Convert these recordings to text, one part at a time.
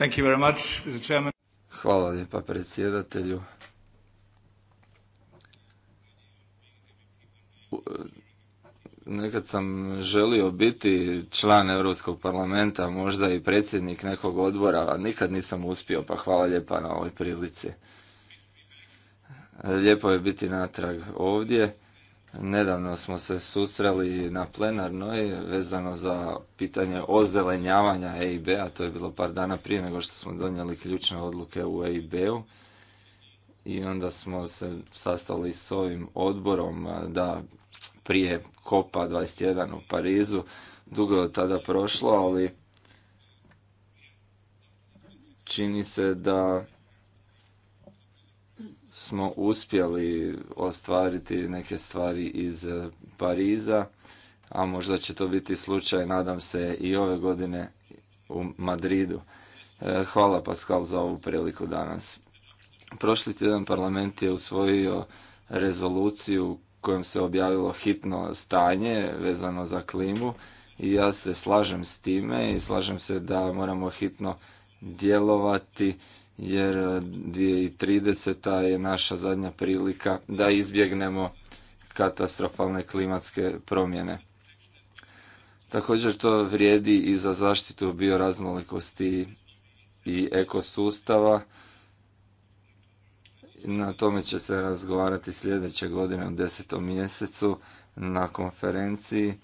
Thank Hvala lijepa predsjedatelju. Nekad sam želio biti član Europskog parlamenta, možda i predsjednik nekog odbora, a nikad nisam uspio, pa hvala lijepa na ovoj prilici. Lijepo je biti natrag ovdje. Nedavno smo se susreli na plenarnoj vezano za pitanje ozelenjavanja EIB-a, to je bilo par dana prije nego što smo donijeli ključne odluke u EIB-u. I onda smo se sastali s ovim odborom da prije Kopa 21 u Parizu, dugo je od tada prošlo, ali čini se da smo uspjeli ostvariti neke stvari iz Pariza, a možda će to biti slučaj, nadam se, i ove godine u Madridu. E, hvala Pascal za ovu priliku danas. Prošli tjedan parlament je usvojio rezoluciju kojom se objavilo hitno stanje vezano za klimu i ja se slažem s time i slažem se da moramo hitno djelovati jer 2030. E, je naša zadnja prilika da izbjegnemo katastrofalne klimatske promjene. Također to vrijedi i za zaštitu bioraznolikosti i ekosustava. Na tome će se razgovarati sljedeće godine u desetom mjesecu na konferenciji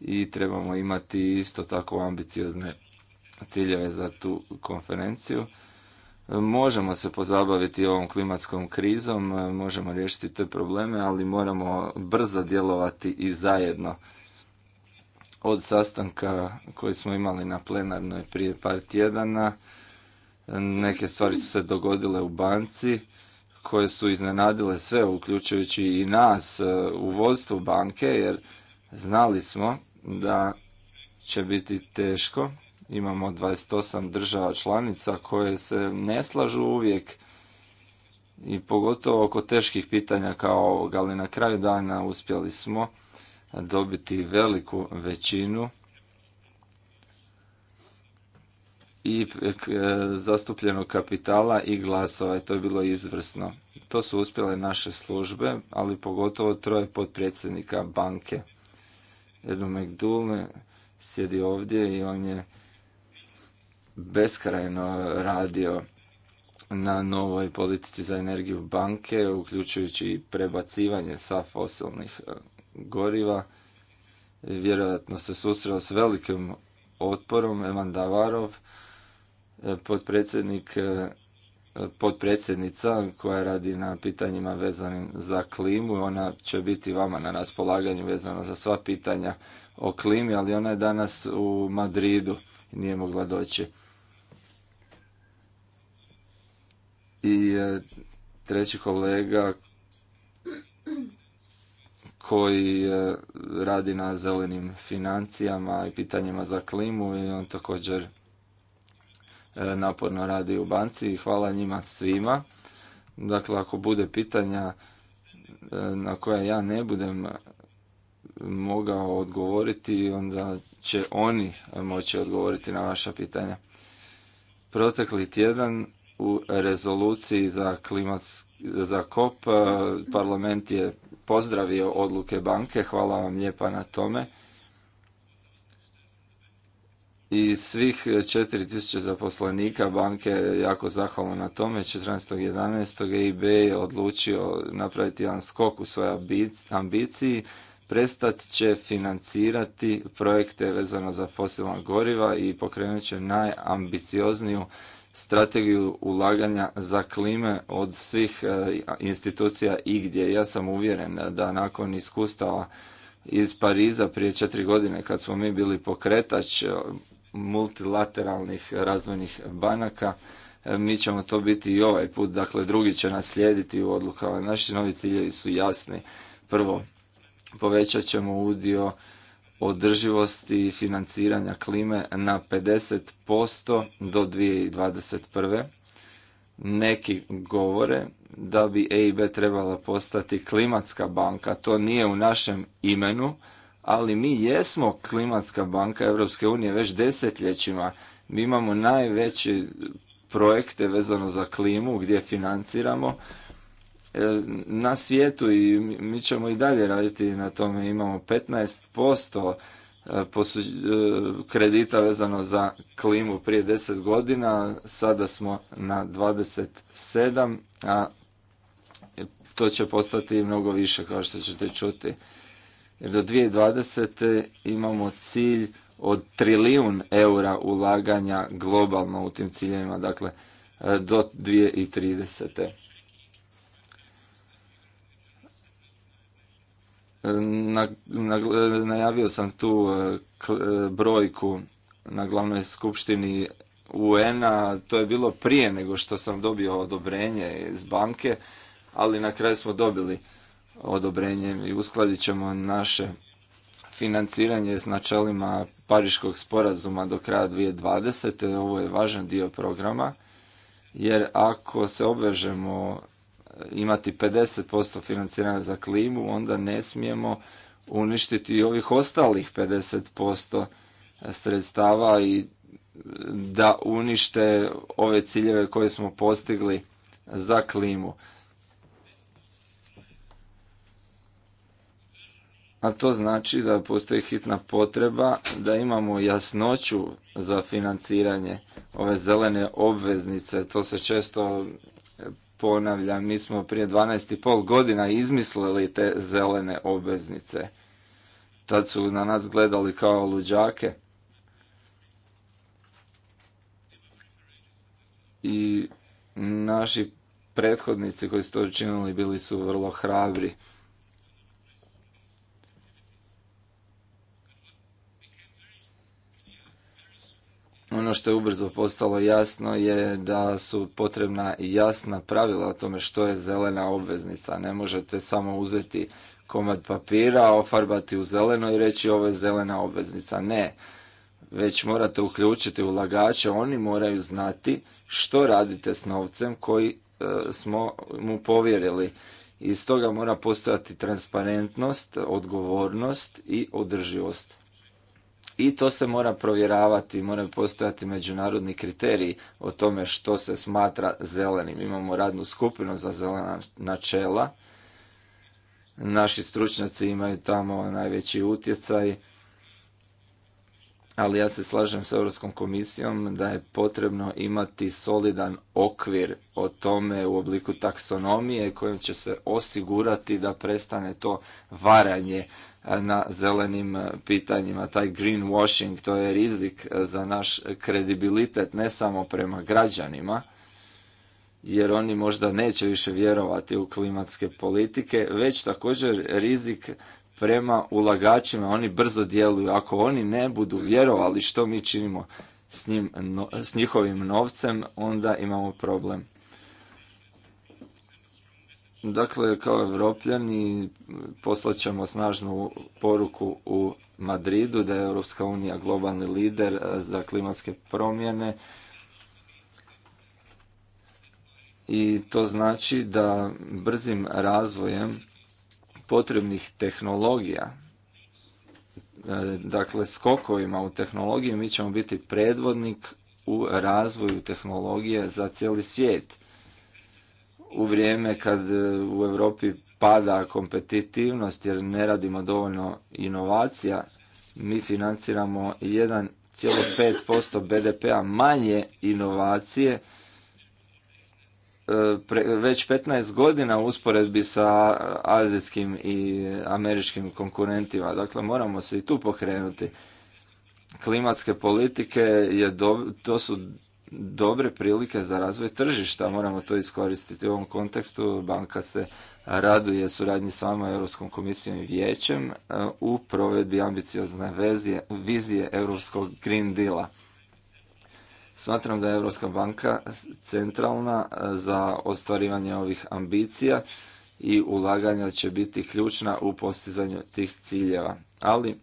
i trebamo imati isto tako ambiciozne ciljeve za tu konferenciju možemo se pozabaviti ovom klimatskom krizom, možemo riješiti te probleme, ali moramo brzo djelovati i zajedno. Od sastanka koji smo imali na plenarnoj prije par tjedana, neke stvari su se dogodile u banci koje su iznenadile sve, uključujući i nas e, u vodstvu banke, jer znali smo da će biti teško Imamo 28 država članica koje se ne slažu uvijek i pogotovo oko teških pitanja kao ovoga, ali na kraju dana uspjeli smo dobiti veliku većinu i e, e, zastupljenog kapitala i glasova i to je bilo izvrsno. To su uspjele naše službe, ali pogotovo troje potpredsjednika banke. Edmund McDool sjedi ovdje i on je beskrajno radio na novoj politici za energiju banke, uključujući prebacivanje sa fosilnih e, goriva. Vjerojatno se susreo s velikim otporom Evan Davarov, e, potpredsjednik e, potpredsjednica koja radi na pitanjima vezanim za klimu. Ona će biti vama na raspolaganju vezano za sva pitanja o klimi, ali ona je danas u Madridu i nije mogla doći. I e, treći kolega koji e, radi na zelenim financijama i pitanjima za klimu i on također e, naporno radi u banci i hvala njima svima. Dakle, ako bude pitanja na koja ja ne budem mogao odgovoriti, onda će oni moći odgovoriti na vaša pitanja. Protekli tjedan u rezoluciji za, klimatsk, za kop. E, parlament je pozdravio odluke banke, hvala vam lijepa na tome. I svih 4000 zaposlenika banke je jako zahvalno na tome. 14.11. EIB je odlučio napraviti jedan skok u svojoj ambiciji. Prestat će financirati projekte vezano za fosilna goriva i pokrenut će najambiciozniju strategiju ulaganja za klime od svih e, institucija igdje. Ja sam uvjeren da nakon iskustava iz Pariza prije četiri godine kad smo mi bili pokretač e, multilateralnih razvojnih banaka, e, mi ćemo to biti i ovaj put, dakle drugi će nas slijediti u odlukama. Naši novi ciljevi su jasni. Prvo, povećat ćemo udio održivosti financiranja klime na 50% do 2021. Neki govore da bi EIB trebala postati klimatska banka. To nije u našem imenu, ali mi jesmo klimatska banka Europske unije već desetljećima. Mi imamo najveće projekte vezano za klimu gdje financiramo E, na svijetu i mi ćemo i dalje raditi na tome. Imamo 15% e, e, kredita vezano za klimu prije 10 godina, sada smo na 27, a to će postati mnogo više kao što ćete čuti. do 2020. imamo cilj od trilijun eura ulaganja globalno u tim ciljevima, dakle do 2030. Na, najavio sam tu e, e, brojku na glavnoj skupštini UN-a, to je bilo prije nego što sam dobio odobrenje iz banke, ali na kraju smo dobili odobrenje i uskladit ćemo naše financiranje s načelima Pariškog sporazuma do kraja 2020. Ovo je važan dio programa, jer ako se obvežemo imati 50% financiranja za klimu, onda ne smijemo uništiti i ovih ostalih 50% sredstava i da unište ove ciljeve koje smo postigli za klimu. A to znači da postoji hitna potreba da imamo jasnoću za financiranje ove zelene obveznice. To se često ponavljam, mi smo prije 12,5 godina izmislili te zelene obveznice. Tad su na nas gledali kao luđake. I naši prethodnici koji su to učinili bili su vrlo hrabri. Ono što je ubrzo postalo jasno je da su potrebna jasna pravila o tome što je zelena obveznica. Ne možete samo uzeti komad papira, ofarbati u zeleno i reći ovo je zelena obveznica. Ne, već morate uključiti ulagače, oni moraju znati što radite s novcem koji e, smo mu povjerili. Iz toga mora postojati transparentnost, odgovornost i održivost i to se mora provjeravati, moraju postojati međunarodni kriteriji o tome što se smatra zelenim. Imamo radnu skupinu za zelena načela. Naši stručnjaci imaju tamo najveći utjecaj, ali ja se slažem s Europskom komisijom da je potrebno imati solidan okvir o tome u obliku taksonomije kojim će se osigurati da prestane to varanje na zelenim e, pitanjima. Taj greenwashing to je rizik e, za naš kredibilitet ne samo prema građanima, jer oni možda neće više vjerovati u klimatske politike, već također rizik prema ulagačima, oni brzo djeluju. Ako oni ne budu vjerovali što mi činimo s, s njihovim novcem, onda imamo problem. Dakle, kao evropljani poslaćemo snažnu poruku u Madridu da je Europska unija globalni lider e, za klimatske promjene i to znači da brzim razvojem potrebnih tehnologija, e, dakle skokovima u tehnologiji, mi ćemo biti predvodnik u razvoju tehnologije za cijeli svijet u vrijeme kad e, u Europi pada kompetitivnost jer ne radimo dovoljno inovacija, mi financiramo 1,5% BDP-a manje inovacije e, već 15 godina u usporedbi sa azijskim i američkim konkurentima. Dakle, moramo se i tu pokrenuti. Klimatske politike je do, to su dobre prilike za razvoj tržišta, moramo to iskoristiti u ovom kontekstu. Banka se raduje suradnji s vama, Europskom komisijom i vijećem e, u provedbi ambiciozne vezije, vizije Europskog Green Deala. Smatram da je Europska banka centralna e, za ostvarivanje ovih ambicija i ulaganja će biti ključna u postizanju tih ciljeva. Ali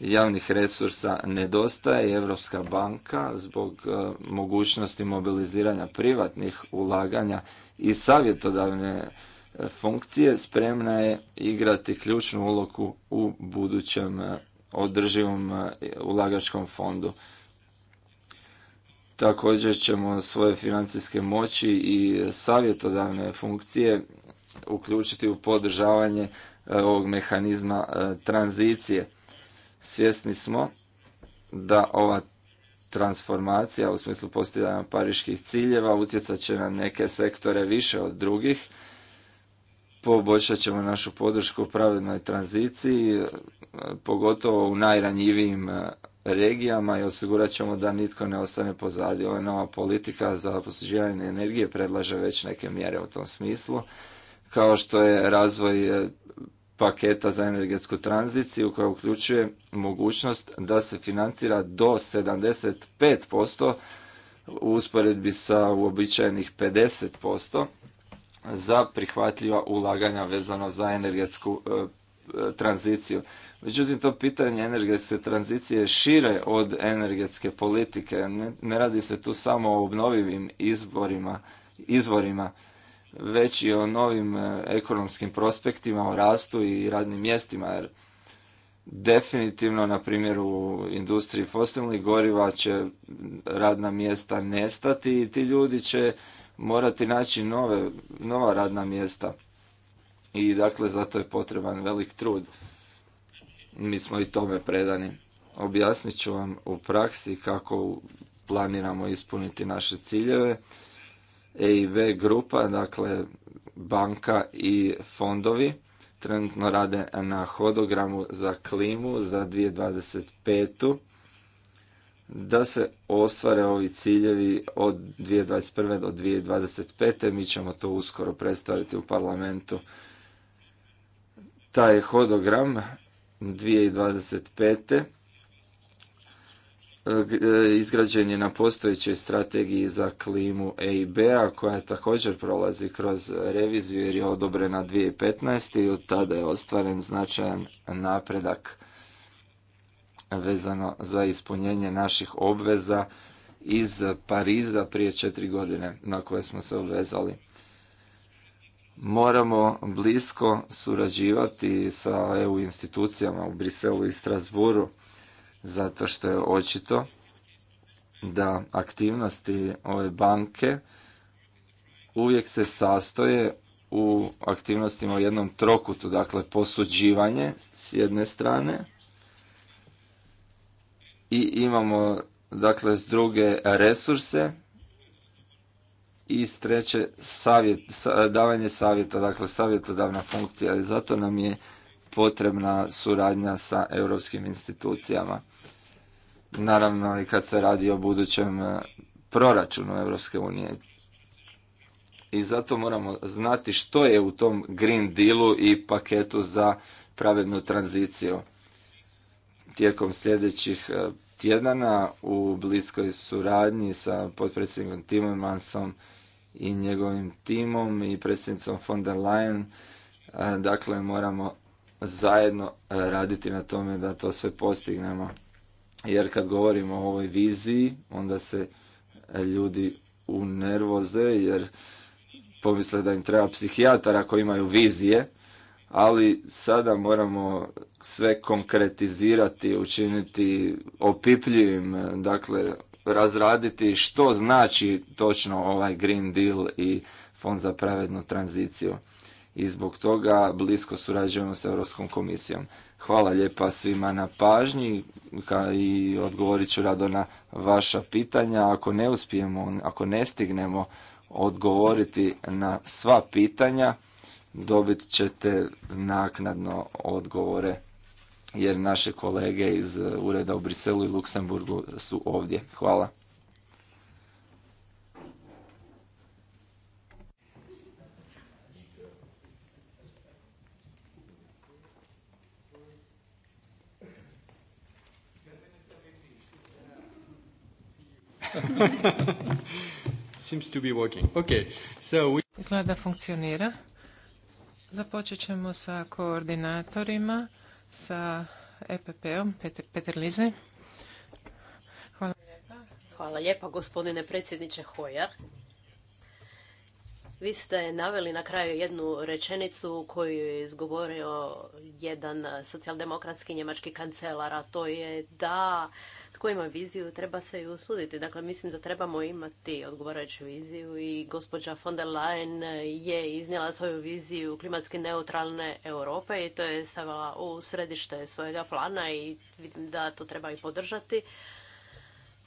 javnih resursa nedostaje i Europska banka zbog e, mogućnosti mobiliziranja privatnih ulaganja i savjetodavne e, funkcije spremna je igrati ključnu ulogu u budućem e, održivom ulagačkom fondu. Također ćemo svoje financijske moći i savjetodavne funkcije uključiti u podržavanje ovog mehanizma tranzicije. Svjesni smo da ova transformacija u smislu postizanja pariških ciljeva utjecat će na neke sektore više od drugih. Poboljšat ćemo našu podršku u pravednoj tranziciji, e, pogotovo u najranjivijim e, regijama i osigurat ćemo da nitko ne ostane pozadi. Ova nova politika za posluživanje energije predlaže već neke mjere u tom smislu, kao što je razvoj e, paketa za energetsku tranziciju koja uključuje mogućnost da se financira do 75% u usporedbi sa uobičajenih 50% za prihvatljiva ulaganja vezano za energetsku e, tranziciju. Međutim, to pitanje energetske tranzicije šire od energetske politike. Ne, radi se tu samo o obnovivim izvorima već i o novim e, ekonomskim prospektima, o rastu i radnim mjestima, jer definitivno, na primjer, u industriji fosilnih goriva će radna mjesta nestati i ti ljudi će morati naći nove, nova radna mjesta. I dakle, zato je potreban velik trud. Mi smo i tome predani. Objasnit ću vam u praksi kako planiramo ispuniti naše ciljeve EIB grupa, dakle banka i fondovi trenutno rade na hodogramu za klimu za 2025. Da se ostvare ovi ciljevi od 2021. do 2025. Mi ćemo to uskoro predstaviti u parlamentu. Taj hodogram 2025. E, izgrađen je na postojećoj strategiji za klimu EIB-a koja također prolazi kroz reviziju jer je odobrena 2015. i od tada je ostvaren značajan napredak vezano za ispunjenje naših obveza iz Pariza prije četiri godine na koje smo se obvezali. Moramo blisko surađivati sa EU institucijama u Briselu i Strasburu zato što je očito da aktivnosti ove banke uvijek se sastoje u aktivnostima u jednom trokutu, dakle posuđivanje s jedne strane i imamo dakle s druge resurse i s treće savjet, davanje savjeta, dakle savjetodavna funkcija. I zato nam je potrebna suradnja sa europskim institucijama. Naravno i kad se radi o budućem e, proračunu Europske unije. I zato moramo znati što je u tom Green Dealu i paketu za pravednu tranziciju. Tijekom sljedećih e, tjedana u bliskoj suradnji sa potpredsjednikom Mansom i njegovim timom i predsjednicom von der Leyen, e, dakle moramo zajedno e, raditi na tome da to sve postignemo. Jer kad govorimo o ovoj viziji, onda se e, ljudi u nervoze jer pomisle da im treba psihijatar ako imaju vizije, ali sada moramo sve konkretizirati, učiniti opipljivim, dakle razraditi što znači točno ovaj Green Deal i Fond za pravednu tranziciju i zbog toga blisko surađujemo s Europskom komisijom. Hvala lijepa svima na pažnji i odgovorit ću rado na vaša pitanja. Ako ne uspijemo, ako ne stignemo odgovoriti na sva pitanja, dobit ćete naknadno odgovore jer naše kolege iz ureda u Briselu i Luksemburgu su ovdje. Hvala. Seems funkcionira. Započet ćemo sa koordinatorima, sa EPP-om, Peter, Lize. Hvala lijepa. Hvala gospodine predsjedniče Hojar. Vi ste naveli na kraju jednu rečenicu koju je izgovorio jedan socijaldemokratski njemački kancelar, a to je da tko ima viziju treba se i usuditi. Dakle, mislim da trebamo imati odgovarajuću viziju i gospođa von der Leyen je iznijela svoju viziju klimatski neutralne Europe i to je stavila u središte svojega plana i vidim da to treba i podržati.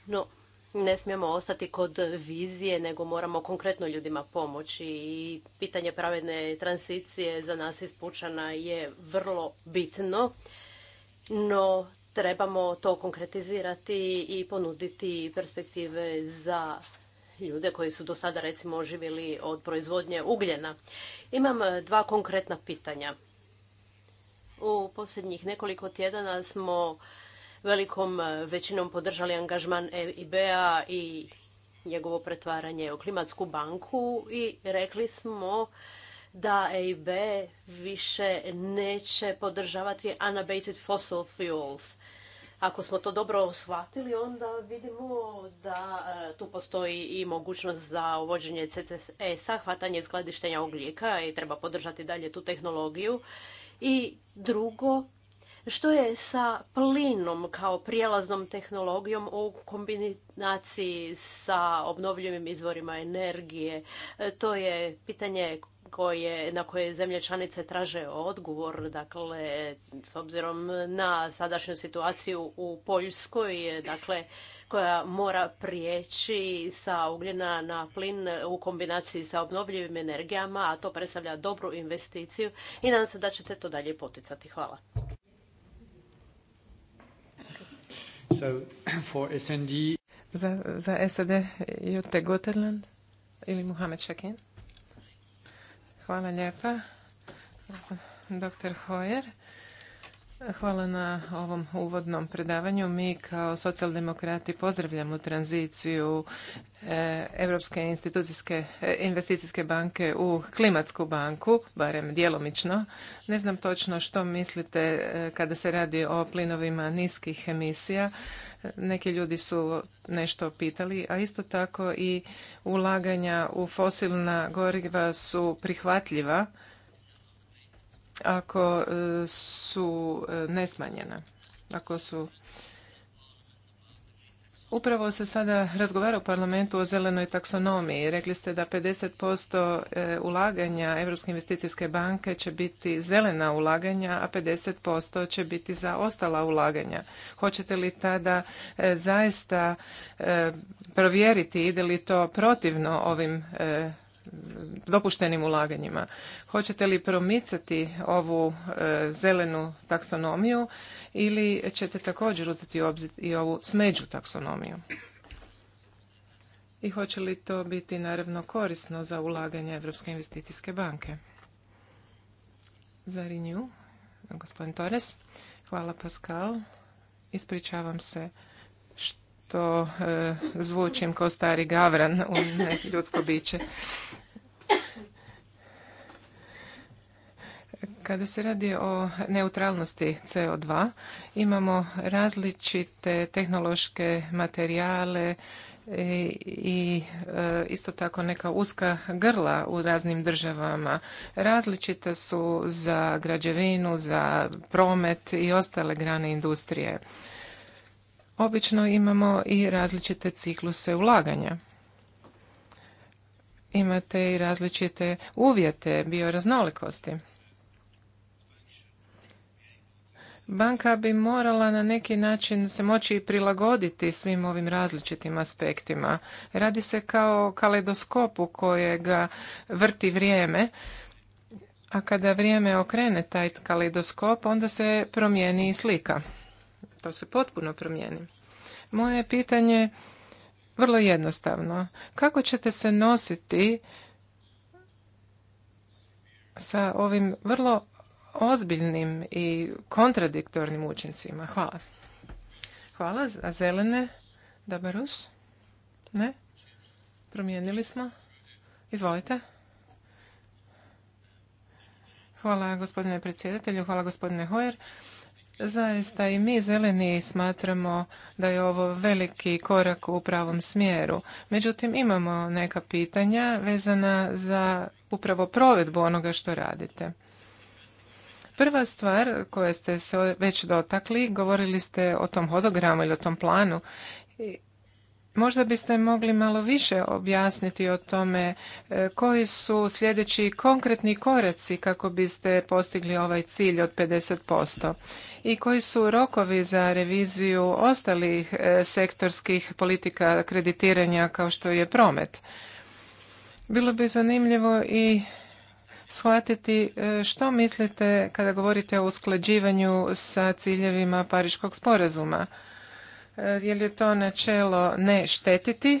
No, ne smijemo ostati kod vizije, nego moramo konkretno ljudima pomoći i pitanje pravedne transicije za nas ispučana je vrlo bitno. No, trebamo to konkretizirati i ponuditi perspektive za ljude koji su do sada recimo živjeli od proizvodnje ugljena. Imam dva konkretna pitanja. U posljednjih nekoliko tjedana smo velikom većinom podržali angažman EIB-a i njegovo pretvaranje u klimatsku banku i rekli smo da EIB više neće podržavati unabated fossil fuels. Ako smo to dobro shvatili, onda vidimo da e, tu postoji i mogućnost za uvođenje CCS-a, hvatanje i skladištenja ugljika i treba podržati dalje tu tehnologiju. I drugo, što je sa plinom kao prijelaznom tehnologijom u kombinaciji sa obnovljivim izvorima energije? E, to je pitanje koje, na koje zemlje članice traže odgovor, dakle, s obzirom na sadašnju situaciju u Poljskoj, dakle, koja mora prijeći sa ugljena na plin u kombinaciji sa obnovljivim energijama, a to predstavlja dobru investiciju i nadam se da ćete to dalje poticati. Hvala. So, SND... Za, za ili Mohamed Hvala lijepa, doktor Hoyer. Hvala na ovom uvodnom predavanju. Mi kao socijaldemokrati pozdravljamo tranziciju e, Europske institucijske e, investicijske banke u klimatsku banku, barem djelomično. Ne znam točno što mislite e, kada se radi o plinovima niskih emisija neki ljudi su nešto pitali, a isto tako i ulaganja u fosilna goriva su prihvatljiva ako e, su e, nesmanjena, ako su Upravo se sada razgovara u parlamentu o zelenoj taksonomiji. Rekli ste da 50% e, ulaganja Europske investicijske banke će biti zelena ulaganja, a 50% će biti za ostala ulaganja. Hoćete li tada e, zaista e, provjeriti ide li to protivno ovim dopuštenim ulaganjima. Hoćete li promicati ovu e, zelenu taksonomiju ili ćete također uzeti u obzir i ovu smeđu taksonomiju? I hoće li to biti naravno korisno za ulaganje Europske investicijske banke? Za Renew, gospodin Torres. Hvala Pascal. Ispričavam se što e, zvučim kao stari gavran u ljudsko biće. Kada se radi o neutralnosti CO2, imamo različite tehnološke materijale i e, isto tako neka uska grla u raznim državama. Različite su za građevinu, za promet i ostale grane industrije. Obično imamo i različite cikluse ulaganja imate i različite uvjete bioraznolikosti. Banka bi morala na neki način se moći prilagoditi svim ovim različitim aspektima. Radi se kao kaledoskopu kojega vrti vrijeme, a kada vrijeme okrene taj kaleidoskop, onda se promijeni i slika. To se potpuno promijeni. Moje pitanje vrlo jednostavno. Kako ćete se nositi sa ovim vrlo ozbiljnim i kontradiktornim učincima. Hvala. Hvala A zelene. Dabarus? Ne? Promijenili smo. Izvolite. Hvala gospodine predsjedatelju, hvala gospodine Hojer. Zaista i mi zeleni smatramo da je ovo veliki korak u pravom smjeru. Međutim, imamo neka pitanja vezana za upravo provedbu onoga što radite. Prva stvar koje ste se već dotakli, govorili ste o tom hodogramu ili o tom planu. Možda biste mogli malo više objasniti o tome e, koji su sljedeći konkretni koraci kako biste postigli ovaj cilj od 50% i koji su rokovi za reviziju ostalih e, sektorskih politika kreditiranja kao što je promet. Bilo bi zanimljivo i shvatiti e, što mislite kada govorite o usklađivanju sa ciljevima Pariškog sporazuma. E, je li to načelo ne štetiti? E,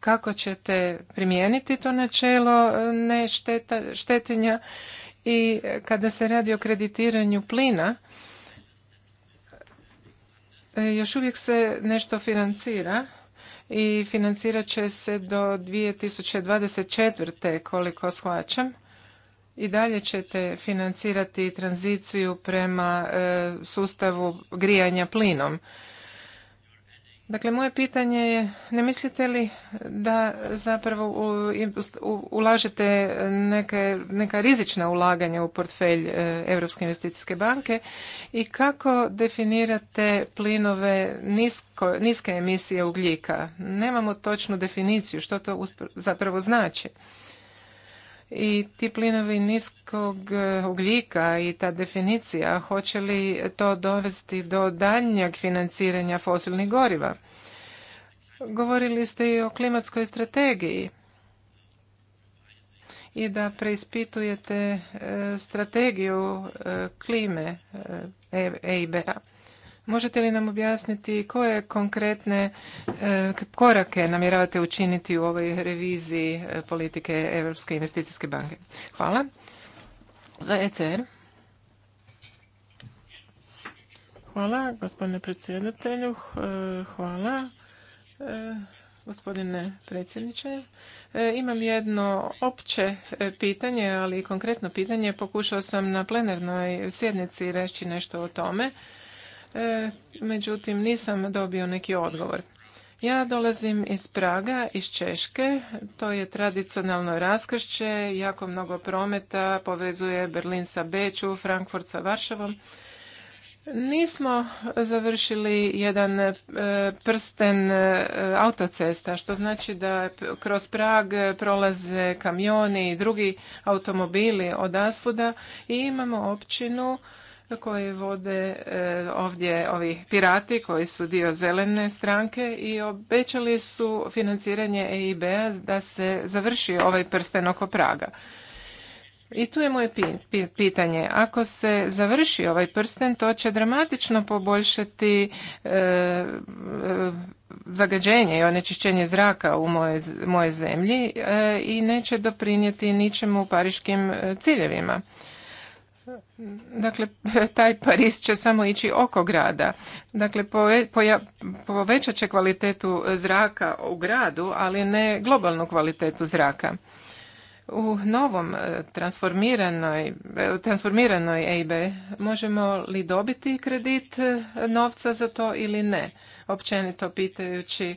kako ćete primijeniti to načelo ne šteta, I kada se radi o kreditiranju plina, još uvijek se nešto financira i financirat će se do 2024. koliko shvaćam i dalje ćete financirati tranziciju prema e, sustavu grijanja plinom. Dakle, moje pitanje je, ne mislite li da zapravo ulažete neke, neka rizična ulaganja u portfelj e, Europske investicijske banke i kako definirate plinove nisko, niske emisije ugljika? Nemamo točnu definiciju što to zapravo znači i ti plinovi niskog eh, ugljika i ta definicija, hoće li to dovesti do daljnjeg financiranja fosilnih goriva? Govorili ste i o klimatskoj strategiji i da preispitujete eh, strategiju eh, klime EIB-a. E Možete li nam objasniti koje konkretne e, korake namjeravate učiniti u ovoj reviziji e, politike Europske investicijske banke? Hvala. Za ECR. Hvala gospodine predsjedatelju. E, hvala gospodine predsjedniče. Imam jedno opće pitanje, ali i konkretno pitanje. Pokušao sam na plenarnoj sjednici reći nešto o tome. E, međutim nisam dobio neki odgovor. Ja dolazim iz Praga, iz Češke. To je tradicionalno raskršće, jako mnogo prometa, povezuje Berlin sa Beću, Frankfurt sa Varšavom. Nismo završili jedan e, prsten e, autocesta, što znači da kroz Prag prolaze kamioni i drugi automobili od asfuda. i imamo općinu koji vode e, ovdje ovi pirati koji su dio zelene stranke i obećali su financiranje EIB-a da se završi ovaj prsten oko Praga. I tu je moje pitanje. Ako se završi ovaj prsten, to će dramatično poboljšati e, e, zagađenje i onečišćenje zraka u moje, zemlji i neće doprinijeti ničemu pariškim ciljevima. Dakle, taj Pariz će samo ići oko grada. Dakle, povećat će kvalitetu zraka u gradu, ali ne globalnu kvalitetu zraka. U novom e, transformiranoj, e, transformiranoj EIB možemo li dobiti kredit e, novca za to ili ne? Općenito pitajući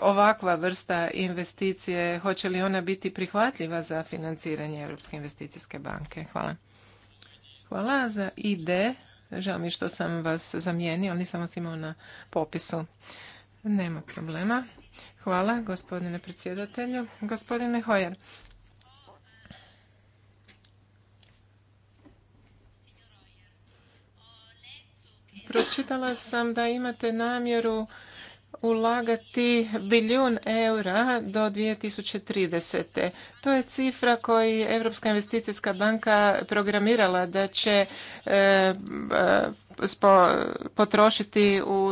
ovakva vrsta investicije, hoće li ona biti prihvatljiva za financiranje Europske investicijske banke? Hvala. Hvala za ID. Žao mi što sam vas zamijenio, ali nisam vas imao na popisu. Nema problema. Hvala, gospodine predsjedatelju. Gospodine Hojer. Pročitala sam da imate namjeru ulagati bilijun eura do 2030. To je cifra koju Europska investicijska banka programirala da će e, e, potrošiti u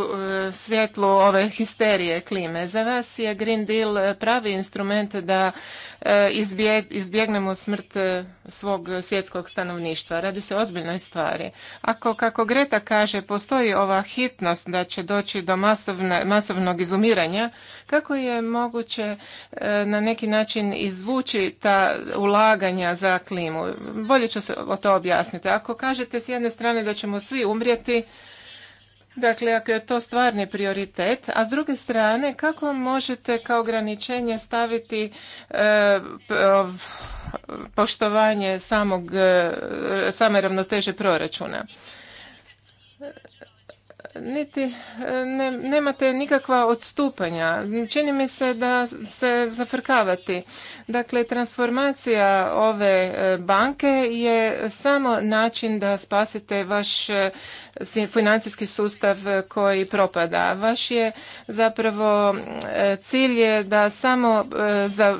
e, svjetlu ove histerije klime. Za vas je Green Deal pravi instrument da e, izbjegnemo smrt e, svog svjetskog stanovništva. Radi se o ozbiljnoj stvari. Ako, kako Greta kaže, postoji ova hitnost da će doći do masovnog izumiranja, kako je moguće na neki način izvući ta ulaganja za klimu? Bolje ću se o to objasniti. Ako kažete s jedne strane da ćemo svi umrijeti, Dakle, ako je to stvarni prioritet, a s druge strane, kako možete kao ograničenje staviti e, e, poštovanje samog, e, same ravnoteže proračuna? niti e, ne, nemate nikakva odstupanja. Čini mi se da se zafrkavati. Dakle, transformacija ove e, banke je samo način da spasite vaš e, financijski sustav koji propada. Vaš je zapravo cilj je da samo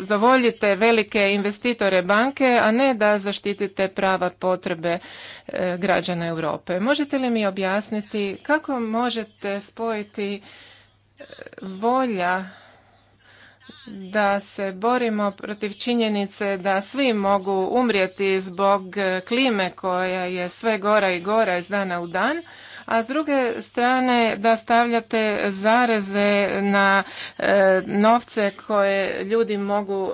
zavoljite velike investitore banke, a ne da zaštitite prava potrebe građana Europe. Možete li mi objasniti kako možete spojiti e, volja da se borimo protiv činjenice da svi mogu umrijeti zbog e, klime koja je sve gora i gora iz dana u dan, a s druge strane da stavljate zareze na e, novce koje ljudi mogu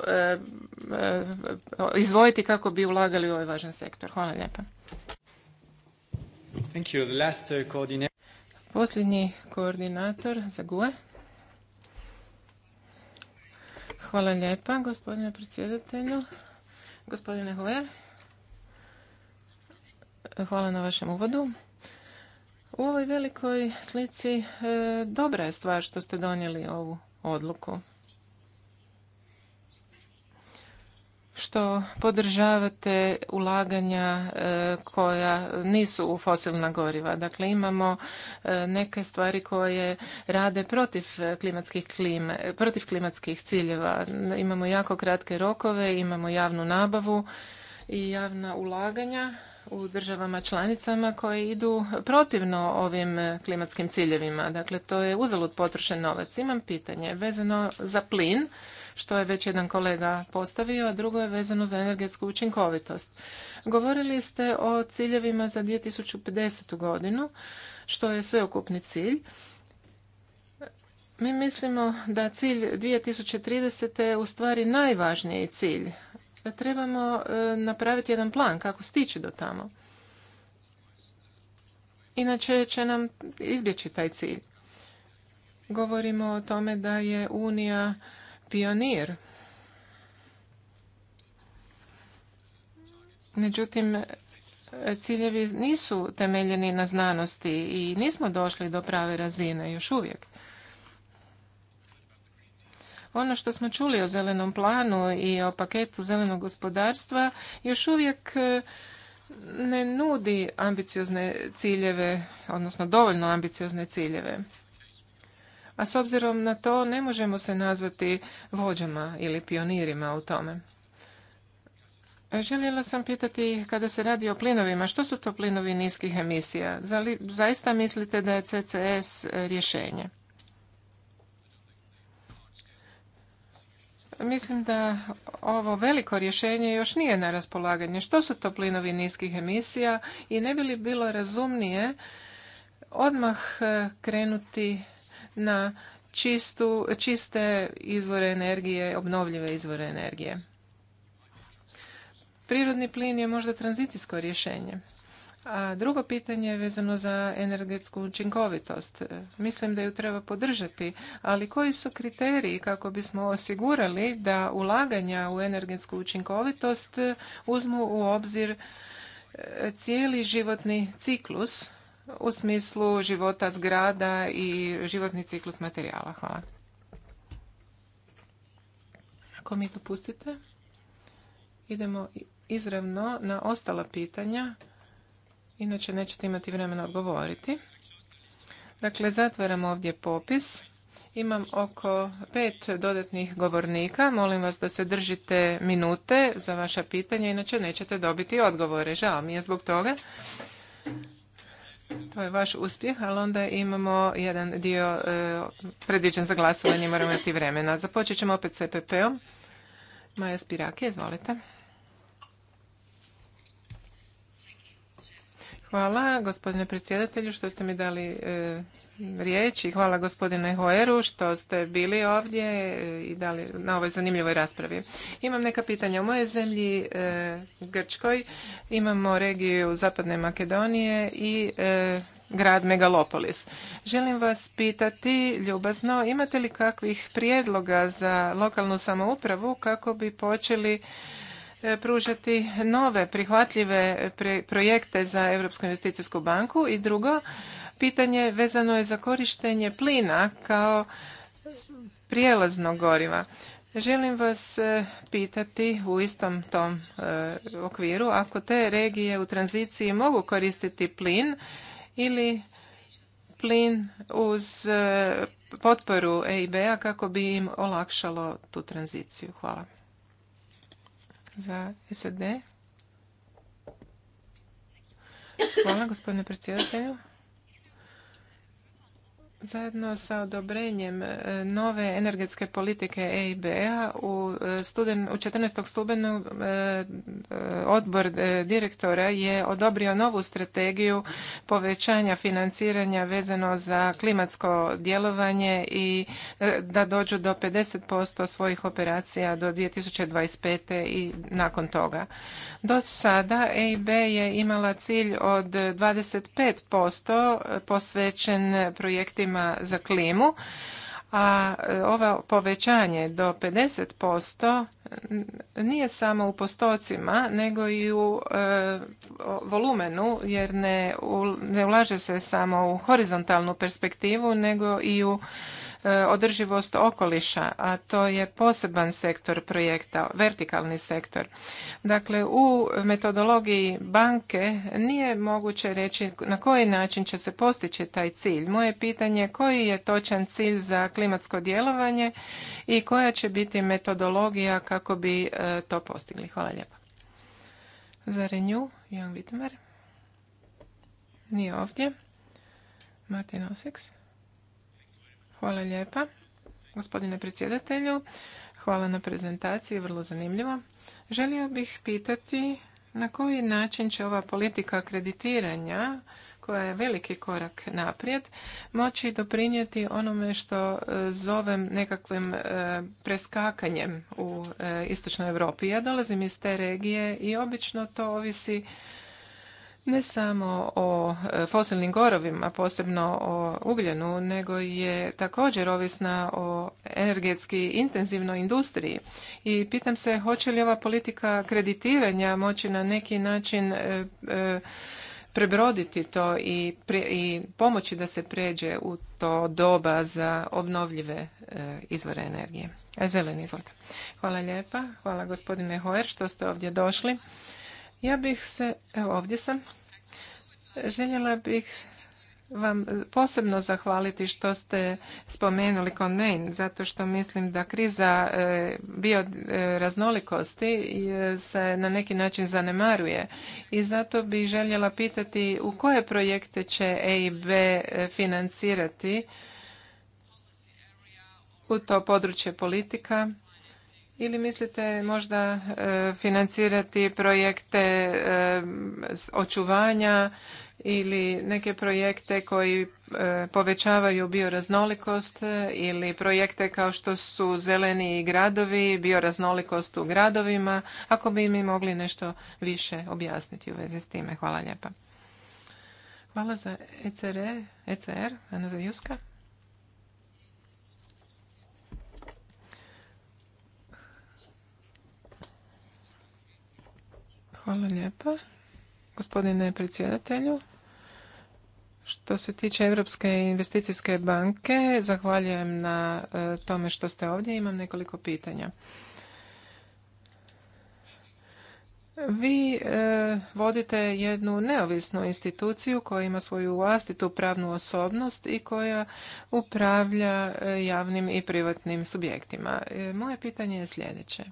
izvojiti kako bi ulagali u ovaj važan sektor. Hvala lijepa. Uh, Posljednji koordinator za GUE. Hvala lijepa, gospodine predsjedatelju. Gospodine Hoer, hvala na vašem uvodu. U ovoj velikoj slici e, dobra je stvar što ste donijeli ovu odluku. što podržavate ulaganja e, koja nisu u fosilna goriva. Dakle, imamo e, neke stvari koje rade protiv klimatskih, klime, protiv klimatskih ciljeva. Imamo jako kratke rokove, imamo javnu nabavu i javna ulaganja u državama članicama koje idu protivno ovim klimatskim ciljevima. Dakle, to je uzalud potrošen novac. Imam pitanje vezano za plin što je već jedan kolega postavio, a drugo je vezano za energetsku učinkovitost. Govorili ste o ciljevima za 2050. godinu, što je sveukupni cilj. Mi mislimo da cilj 2030. je u stvari najvažniji cilj. Trebamo e, napraviti jedan plan kako stići do tamo. Inače će nam izbjeći taj cilj. Govorimo o tome da je Unija pionir. Međutim, ciljevi nisu temeljeni na znanosti i nismo došli do prave razine još uvijek. Ono što smo čuli o zelenom planu i o paketu zelenog gospodarstva još uvijek e, ne nudi ambiciozne ciljeve, odnosno dovoljno ambiciozne ciljeve a s obzirom na to ne možemo se nazvati vođama ili pionirima u tome. Željela sam pitati kada se radi o plinovima, što su to plinovi niskih emisija? Zali zaista mislite da je CCS rješenje? Mislim da ovo veliko rješenje još nije na raspolaganje. Što su to plinovi niskih emisija i ne bi li bilo razumnije odmah eh, krenuti na čistu, čiste izvore energije, obnovljive izvore energije. Prirodni plin je možda tranzicijsko rješenje. A drugo pitanje je vezano za energetsku učinkovitost. Mislim da ju treba podržati, ali koji su kriteriji kako bismo osigurali da ulaganja u energetsku učinkovitost uzmu u obzir e, cijeli životni ciklus u smislu života zgrada i životni ciklus materijala. Hvala. Ako mi dopustite, idemo izravno na ostala pitanja, inače nećete imati vremena odgovoriti. Dakle, zatvaram ovdje popis. Imam oko pet dodatnih govornika. Molim vas da se držite minute za vaša pitanja, inače nećete dobiti odgovore. Žao mi je zbog toga. To je vaš uspjeh, ali onda imamo jedan dio e, predviđen za glasovanje, moramo imati vremena. Započet ćemo opet s EPP-om. Maja Spirake, izvolite. Hvala gospodine predsjedatelju što ste mi dali e, riječ i hvala gospodine Hoeru što ste bili ovdje i dali na ovoj zanimljivoj raspravi. Imam neka pitanja. U moje zemlji e, Grčkoj imamo regiju Zapadne Makedonije i e, grad Megalopolis. Želim vas pitati ljubazno, imate li kakvih prijedloga za lokalnu samoupravu kako bi počeli e, pružati nove prihvatljive projekte za Europsku investicijsku banku i drugo, Pitanje vezano je za korištenje plina kao prijelaznog goriva. Želim vas e, pitati u istom tom e, okviru ako te regije u tranziciji mogu koristiti plin ili plin uz e, potporu EIB-a kako bi im olakšalo tu tranziciju. Hvala. Za SAD. Hvala gospodine predsjedatelju. Zajedno sa odobrenjem e, nove energetske politike EIB-a u, e, studen, u 14. studenu e, odbor direktora je odobrio novu strategiju povećanja financiranja vezano za klimatsko djelovanje i da dođu do 50% svojih operacija do 2025. i nakon toga. Do sada EIB je imala cilj od 25% posvećen projektima za klimu, a e, ovo povećanje do 50% nije samo u postocima, nego i u e, volumenu, jer ne, ne ulaže se samo u horizontalnu perspektivu, nego i u E, održivost okoliša, a to je poseban sektor projekta, vertikalni sektor. Dakle, u metodologiji banke nije moguće reći na koji način će se postići taj cilj. Moje pitanje je koji je točan cilj za klimatsko djelovanje i koja će biti metodologija kako bi e, to postigli. Hvala lijepa. Za Renju, Jan Wittmer. Nije ovdje. Martin Osiks. Hvala lijepa, gospodine predsjedatelju. Hvala na prezentaciji, vrlo zanimljivo. Želio bih pitati na koji način će ova politika kreditiranja koja je veliki korak naprijed, moći doprinijeti onome što e, zovem nekakvim e, preskakanjem u e, Istočnoj Europi. Ja dolazim iz te regije i obično to ovisi ne samo o e, fosilnim gorovima, posebno o ugljenu, nego je također ovisna o energetski intenzivnoj industriji. I pitam se hoće li ova politika kreditiranja moći na neki način e, e, prebroditi to i, i pomoći da se pređe u to doba za obnovljive izvore energije. Zeleni, izvolite. Hvala lijepa. Hvala gospodine Hoer što ste ovdje došli. Ja bih se, evo ovdje sam, željela bih vam posebno zahvaliti što ste spomenuli Conmain, zato što mislim da kriza e, bioraznolikosti e, se na neki način zanemaruje i zato bih željela pitati u koje projekte će EIB e, financirati u to područje politika ili mislite možda e, financirati projekte e, očuvanja ili neke projekte koji e, povećavaju bioraznolikost ili projekte kao što su zeleni gradovi, bioraznolikost u gradovima, ako bi mi mogli nešto više objasniti u vezi s time. Hvala lijepa. Hvala za ECR, ECR Ana Zajuska. Hvala lijepa. Gospodine predsjedatelju, što se tiče Europske investicijske banke, zahvaljujem na e, tome što ste ovdje. Imam nekoliko pitanja. Vi e, vodite jednu neovisnu instituciju koja ima svoju vlastitu pravnu osobnost i koja upravlja e, javnim i privatnim subjektima. moje pitanje je sljedeće.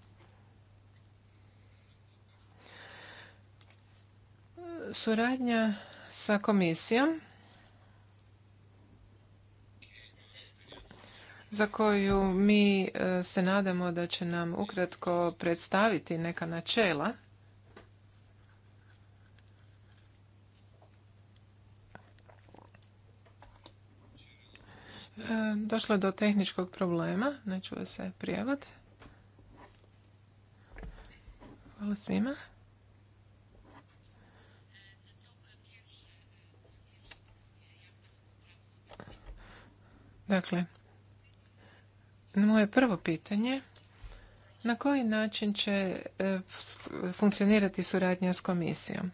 Suradnja sa komisijom za koju mi e, se nadamo da će nam ukratko predstaviti neka načela e, Došlo je do tehničkog problema, neću čuje se prijevod. Hvala svima. Dakle, moje prvo pitanje, na koji način će e, funkcionirati suradnja s komisijom?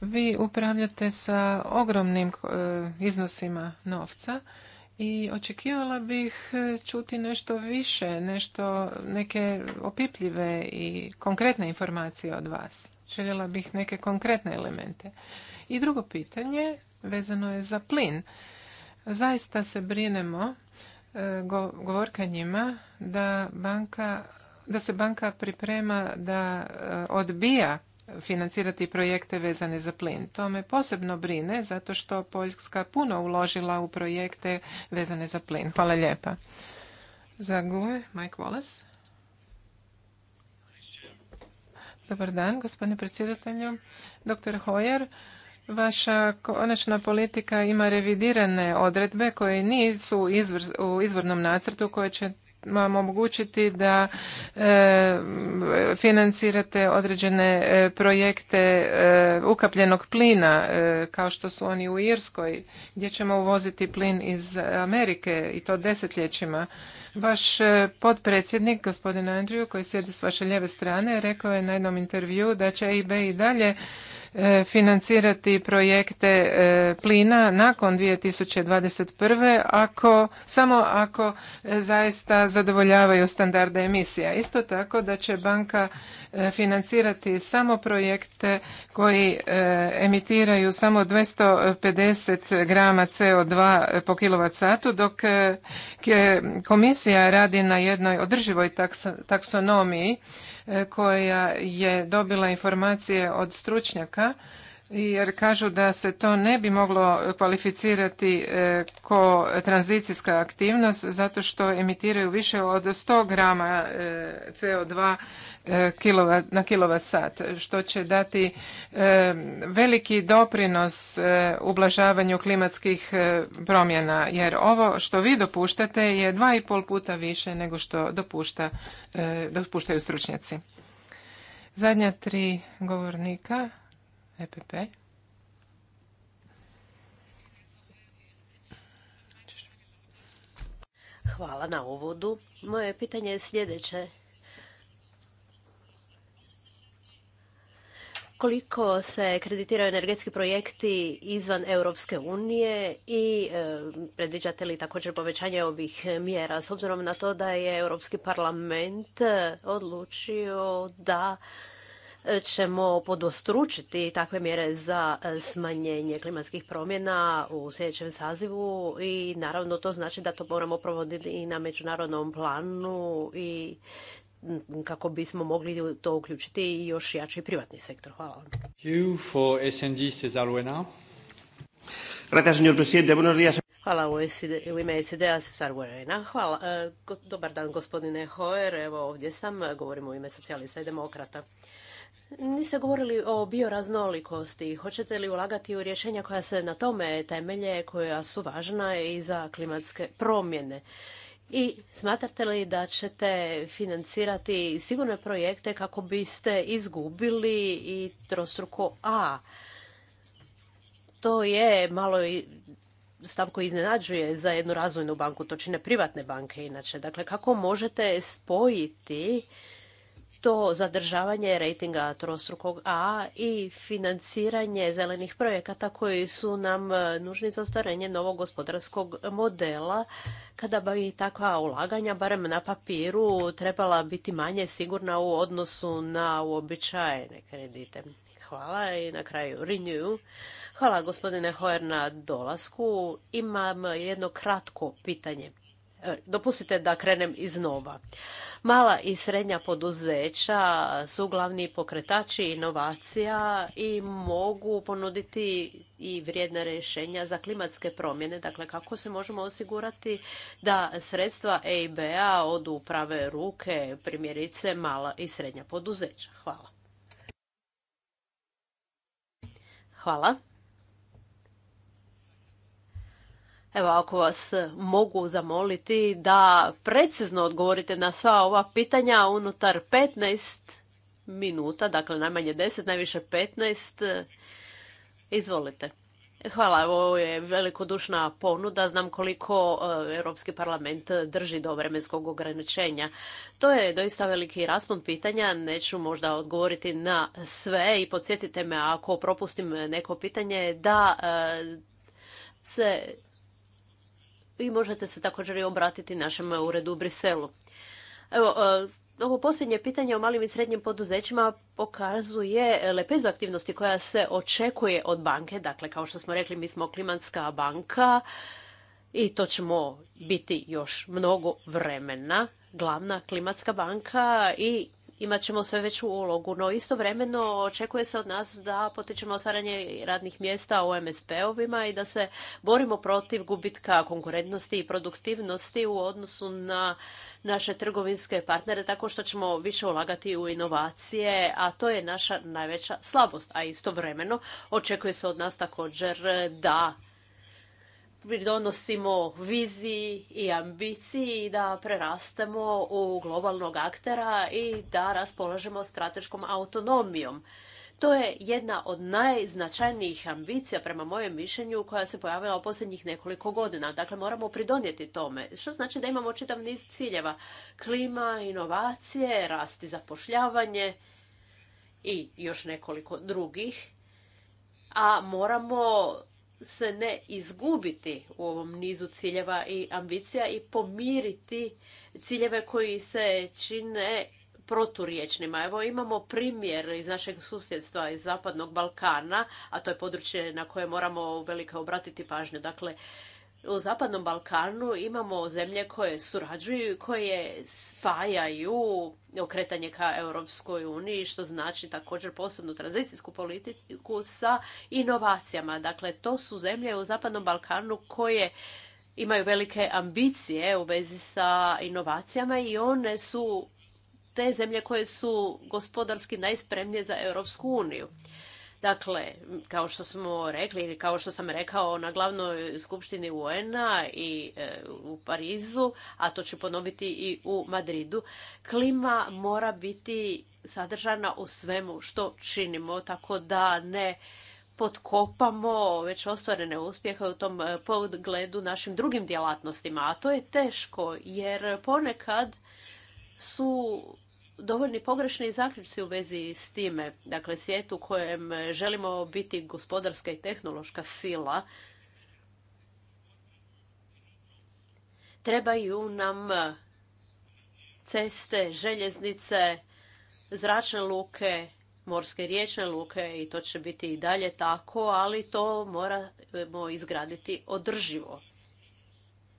Vi upravljate sa ogromnim e, iznosima novca i očekivala bih e, čuti nešto više, nešto, neke opipljive i konkretne informacije od vas. Željela bih neke konkretne elemente. I drugo pitanje vezano je za plin. Zaista se brinemo e, govorkanjima da banka da se banka priprema da e, odbija financirati projekte vezane za plin. To me posebno brine zato što Poljska puno uložila u projekte vezane za plin. Hvala lijepa. Za Mike Wallace. Dobar dan, gospodine predsjedatelju. Doktor Hoyer, Vaša konačna politika ima revidirane odredbe koje nisu u, izvornom nacrtu koje će vam omogućiti da e, financirate određene e, projekte e, ukapljenog plina kao što su oni u Irskoj gdje ćemo uvoziti plin iz Amerike i to desetljećima. Vaš potpredsjednik, gospodin Andriju, koji sjedi s vaše lijeve strane, rekao je na jednom intervju da će EIB i dalje financirati projekte e, plina nakon 2021. ako samo ako e, zaista zadovoljavaju standarde emisija. Isto tako da će banka e, financirati samo projekte koji emitiraju samo 250 grama CO2 po kilovat dok komisija radi na jednoj održivoj taksonomiji koja je dobila informacije od stručnjaka jer kažu da se to ne bi moglo kvalificirati e, ko tranzicijska aktivnost zato što emitiraju više od 100 grama e, CO2 e, na kilovat sat, što će dati veliki doprinos ublažavanju klimatskih promjena, jer ovo što vi dopuštate je dva i pol puta više nego što dopušta, dopuštaju stručnjaci. Zadnja tri govornika. EPP. Hvala na uvodu. Moje pitanje je sljedeće. koliko se kreditiraju energetski projekti izvan Europske unije i e, predviđate li također povećanje ovih mjera s obzirom na to da je Europski parlament odlučio da ćemo podostručiti takve mjere za e, smanjenje klimatskih promjena u sljedećem sazivu i naravno to znači da to moramo provoditi i na međunarodnom planu i kako bismo mogli to uključiti i još jači privatni sektor. Hvala vam. Hvala u ime SED-a Cesar Hvala. E, dobar dan gospodine Hoer. Evo ovdje sam. Govorim u ime socijalista i demokrata. Niste govorili o bioraznolikosti. Hoćete li ulagati u rješenja koja se na tome temelje, koja su važna i za klimatske promjene? I smatrate li da ćete financirati sigurne projekte kako biste izgubili i trostruko A? To je malo stavko stav koji iznenađuje za jednu razvojnu banku, to čine privatne banke inače. Dakle, kako možete spojiti to zadržavanje rejtinga trostrukog A i financiranje zelenih projekata koji su nam e, nužni za ostvarenje novog gospodarskog modela kada bi takva ulaganja, barem na papiru, trebala biti manje sigurna u odnosu na uobičajene kredite. Hvala i na kraju Renew. Hvala gospodine Hoer na dolasku. Imam jedno kratko pitanje. E, dopustite da krenem iznova. Mala i srednja poduzeća su glavni pokretači inovacija i mogu ponuditi i vrijedna rješenja za klimatske promjene. Dakle, kako se možemo osigurati da sredstva EIB-a odu u prave ruke, primjerice mala i srednja poduzeća? Hvala. Hvala. Evo, ako vas mogu zamoliti da precizno odgovorite na sva ova pitanja unutar 15 minuta, dakle najmanje 10, najviše 15. Izvolite. Hvala, ovo je velikodušna ponuda. Znam koliko e, Europski parlament drži do vremenskog ograničenja. To je doista veliki raspon pitanja. Neću možda odgovoriti na sve i podsjetite me ako propustim neko pitanje da e, se i možete se također i obratiti našem uredu u Briselu. Evo, e, ovo posljednje pitanje o malim i srednjim poduzećima pokazuje lepezu aktivnosti koja se očekuje od banke. Dakle, kao što smo rekli, mi smo klimatska banka i to ćemo biti još mnogo vremena. Glavna klimatska banka i imat ćemo sve veću ulogu, no istovremeno očekuje se od nas da potičemo osvaranje radnih mjesta u MSP-ovima i da se borimo protiv gubitka konkurentnosti i produktivnosti u odnosu na naše trgovinske partnere tako što ćemo više ulagati u inovacije, a to je naša najveća slabost. A istovremeno očekuje se od nas također da pridonosimo viziji i ambiciji da prerastemo u globalnog aktera i da raspolažemo strateškom autonomijom. To je jedna od najznačajnijih ambicija, prema mojem mišljenju, koja se pojavila u posljednjih nekoliko godina. Dakle, moramo pridonijeti tome, što znači da imamo čitav niz ciljeva. Klima, inovacije, rasti zapošljavanje i još nekoliko drugih. A moramo se ne izgubiti u ovom nizu ciljeva i ambicija i pomiriti ciljeve koji se čine proturječnima. Evo imamo primjer iz našeg susjedstva iz Zapadnog Balkana, a to je područje na koje moramo velike obratiti pažnju. Dakle, u Zapadnom Balkanu imamo zemlje koje surađuju i koje spajaju okretanje ka Europskoj uniji, što znači također posebnu tranzicijsku politiku sa inovacijama. Dakle, to su zemlje u Zapadnom Balkanu koje imaju velike ambicije u vezi sa inovacijama i one su te zemlje koje su gospodarski najspremnije za Europsku uniju. Dakle, kao što smo rekli ili kao što sam rekao na glavnoj skupštini UN-a i e, u Parizu, a to ću ponoviti i u Madridu, klima mora biti sadržana u svemu što činimo, tako da ne potkopamo već ostvarene uspjehe u tom e, pogledu našim drugim djelatnostima, a to je teško jer ponekad su dovoljni pogrešni zaključci u vezi s time. Dakle, svijet u kojem želimo biti gospodarska i tehnološka sila, trebaju nam ceste, željeznice, zračne luke, morske riječne luke i to će biti i dalje tako, ali to moramo izgraditi održivo.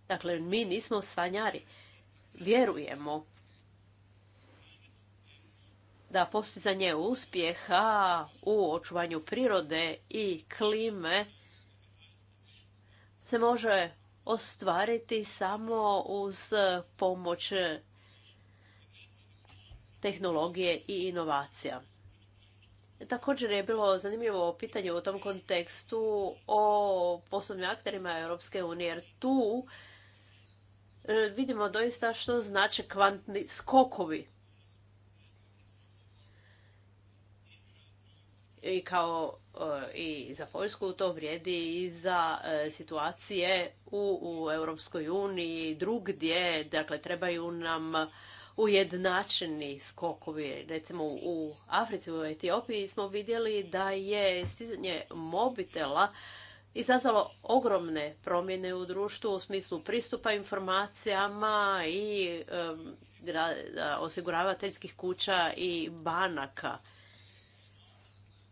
Dakle, mi nismo sanjari. Vjerujemo da postizanje uspjeha u očuvanju prirode i klime se može ostvariti samo uz pomoć tehnologije i inovacija. Također je bilo zanimljivo pitanje u tom kontekstu o poslovnim akterima Europske unije, jer tu e, vidimo doista što znače kvantni skokovi. i kao i za Poljsku, to vrijedi i za situacije u, u Europskoj uniji drugdje, dakle trebaju nam ujednačeni skokovi. Recimo u Africi, u Etiopiji smo vidjeli da je stizanje mobitela izazvalo ogromne promjene u društvu u smislu pristupa informacijama i osiguravateljskih kuća i banaka.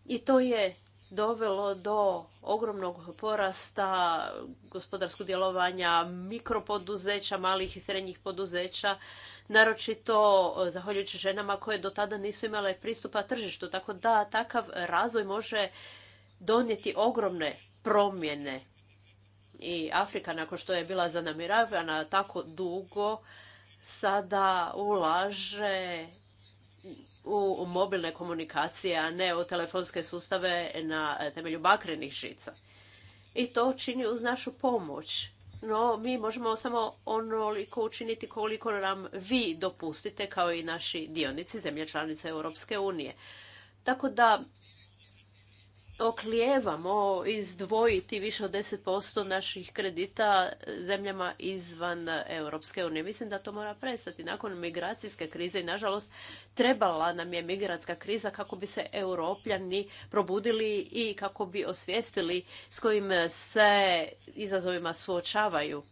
I to je dovelo do ogromnog porasta gospodarskog djelovanja mikropoduzeća, malih i srednjih poduzeća, naročito e, zahvaljujući ženama koje do tada nisu imale pristupa tržištu. Tako da takav razvoj može donijeti ogromne promjene. I Afrika, nakon što je bila zanamiravana tako dugo, sada ulaže u mobilne komunikacije, a ne u telefonske sustave na temelju bakrenih žica. I to čini uz našu pomoć. No, mi možemo samo onoliko učiniti koliko nam vi dopustite, kao i naši dionici, zemlje članice Europske unije. Tako da oklijevamo izdvojiti više od 10% naših kredita zemljama izvan Europske unije. Mislim da to mora prestati. Nakon migracijske krize i nažalost trebala nam je migratska kriza kako bi se europljani probudili i kako bi osvijestili s kojim se izazovima suočavaju.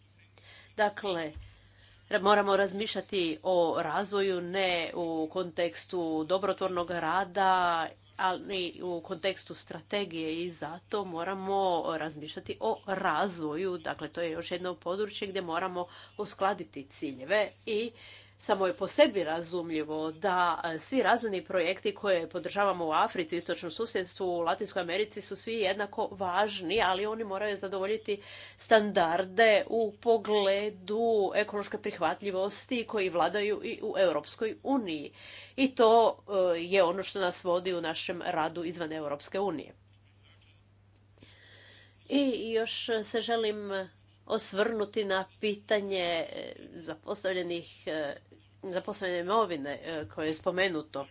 Dakle, moramo razmišljati o razvoju ne u kontekstu dobrotvornog rada ali u kontekstu strategije i zato moramo razmišljati o razvoju. Dakle, to je još jedno područje gdje moramo uskladiti ciljeve i samo je po sebi razumljivo da e, svi razvojni projekti koje podržavamo u Africi, istočnom susjedstvu, u Latinskoj Americi su svi jednako važni, ali oni moraju zadovoljiti standarde u pogledu ekološke prihvatljivosti koji vladaju i u Europskoj uniji. I to e, je ono što nas vodi u našem radu izvan Europske unije. I još se želim osvrnuti na pitanje e, zapostavljenih zaposlene imovine e, koje je spomenuto.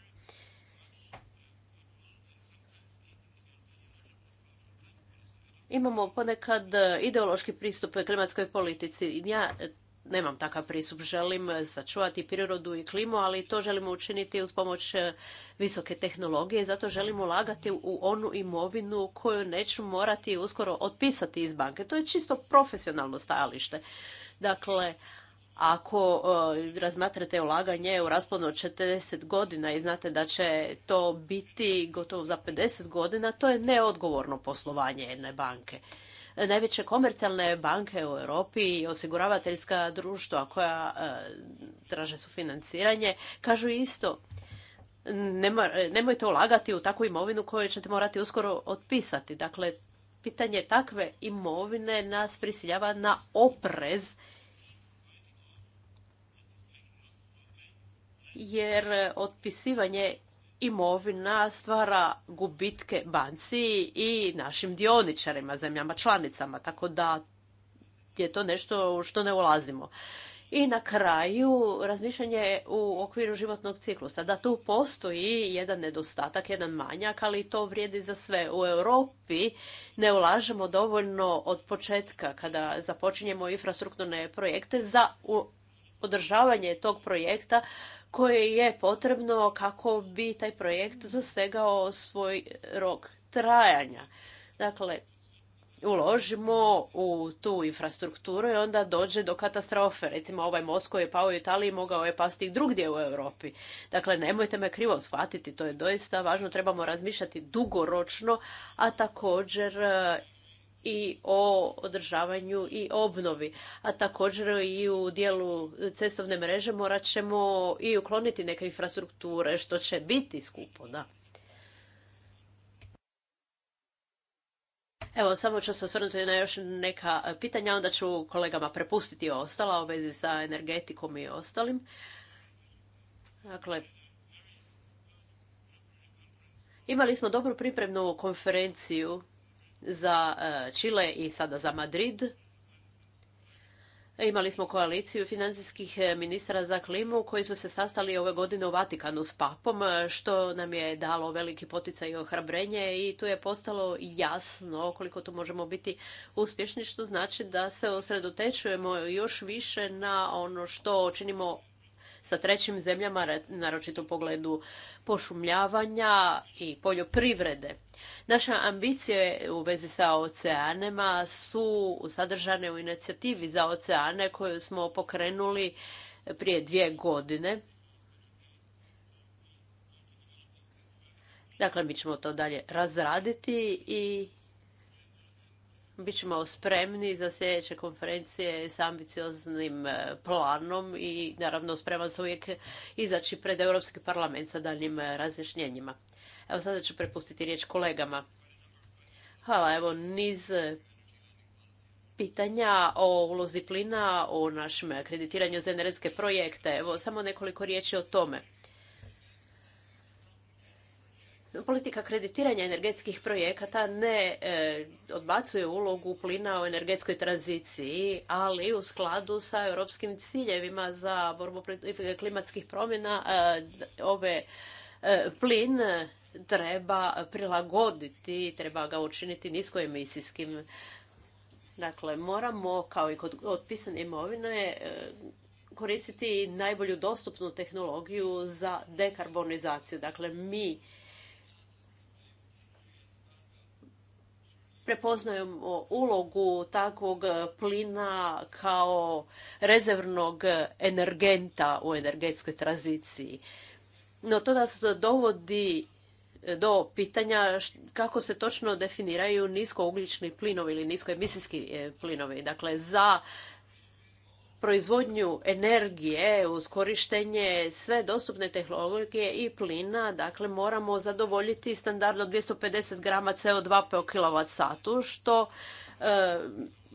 Imamo ponekad ideološki pristup klimatskoj politici. Ja e, nemam takav pristup. Želim sačuvati prirodu i klimu, ali to želimo učiniti uz pomoć e, visoke tehnologije. Zato želim ulagati u onu imovinu koju neću morati uskoro otpisati iz banke. To je čisto profesionalno stajalište. Dakle, ako e, razmatrate ulaganje u rasponu od 40 godina i znate da će to biti gotovo za 50 godina, to je neodgovorno poslovanje jedne banke. Najveće komercijalne banke u Europi i osiguravateljska društva koja e, traže sufinanciranje kažu isto nemojte ulagati u takvu imovinu koju ćete morati uskoro otpisati. Dakle, pitanje takve imovine nas prisiljava na oprez jer otpisivanje imovina stvara gubitke banci i našim dioničarima, zemljama članicama, tako da je to nešto u što ne ulazimo. I na kraju razmišljanje u okviru životnog ciklusa. Da tu postoji jedan nedostatak, jedan manjak, ali to vrijedi za sve. U Europi ne ulažemo dovoljno od početka kada započinjemo infrastrukturne projekte za održavanje tog projekta koje je potrebno kako bi taj projekt dosegao svoj rok trajanja. Dakle, uložimo u tu infrastrukturu i onda dođe do katastrofe. Recimo ovaj most koji je pao u Italiji mogao je pasti drugdje u Europi. Dakle, nemojte me krivo shvatiti, to je doista važno, trebamo razmišljati dugoročno, a također i o održavanju i obnovi. A također i u dijelu cestovne mreže morat ćemo i ukloniti neke infrastrukture što će biti skupo, da. Evo, samo ću se osvrnuti na još neka pitanja, onda ću kolegama prepustiti ostala u vezi sa energetikom i ostalim. Dakle, imali smo dobru pripremnu konferenciju za e, Čile i sada za Madrid. Imali smo koaliciju financijskih e, ministara za klimu koji su se sastali ove godine u Vatikanu s papom, e, što nam je dalo veliki poticaj i ohrabrenje i tu je postalo jasno koliko tu možemo biti uspješni, što znači da se osredotečujemo još više na ono što činimo sa trećim zemljama, naročito u pogledu pošumljavanja i poljoprivrede. Naša ambicije u vezi sa oceanema su sadržane u inicijativi za oceane koju smo pokrenuli prije dvije godine. Dakle, mi ćemo to dalje razraditi i Bit ćemo spremni za sljedeće konferencije s ambicioznim e, planom i naravno spreman se uvijek izaći pred Europski parlament sa daljim e, razjašnjenjima. Evo sada ću prepustiti riječ kolegama. Hvala, evo niz pitanja o ulozi plina, o našem kreditiranju za energetske projekte. Evo samo nekoliko riječi o tome politika kreditiranja energetskih projekata ne e, odbacuje ulogu plina u energetskoj tranziciji, ali u skladu sa europskim ciljevima za borbu protiv klimatskih promjena e, ove e, plin treba prilagoditi, treba ga učiniti niskoemisijskim. Dakle, moramo kao i kod otpisane imovine koristiti najbolju dostupnu tehnologiju za dekarbonizaciju. Dakle, mi prepoznajemo ulogu takvog e, plina kao rezervnog energenta u energetskoj tranziciji. No to nas dovodi e, do pitanja kako se točno definiraju niskougljični plinovi ili niskoemisijski e, plinovi. Dakle, za proizvodnju energije uz korištenje sve dostupne tehnologije i plina. Dakle, moramo zadovoljiti standard od 250 grama CO2 po kilovat satu, što e,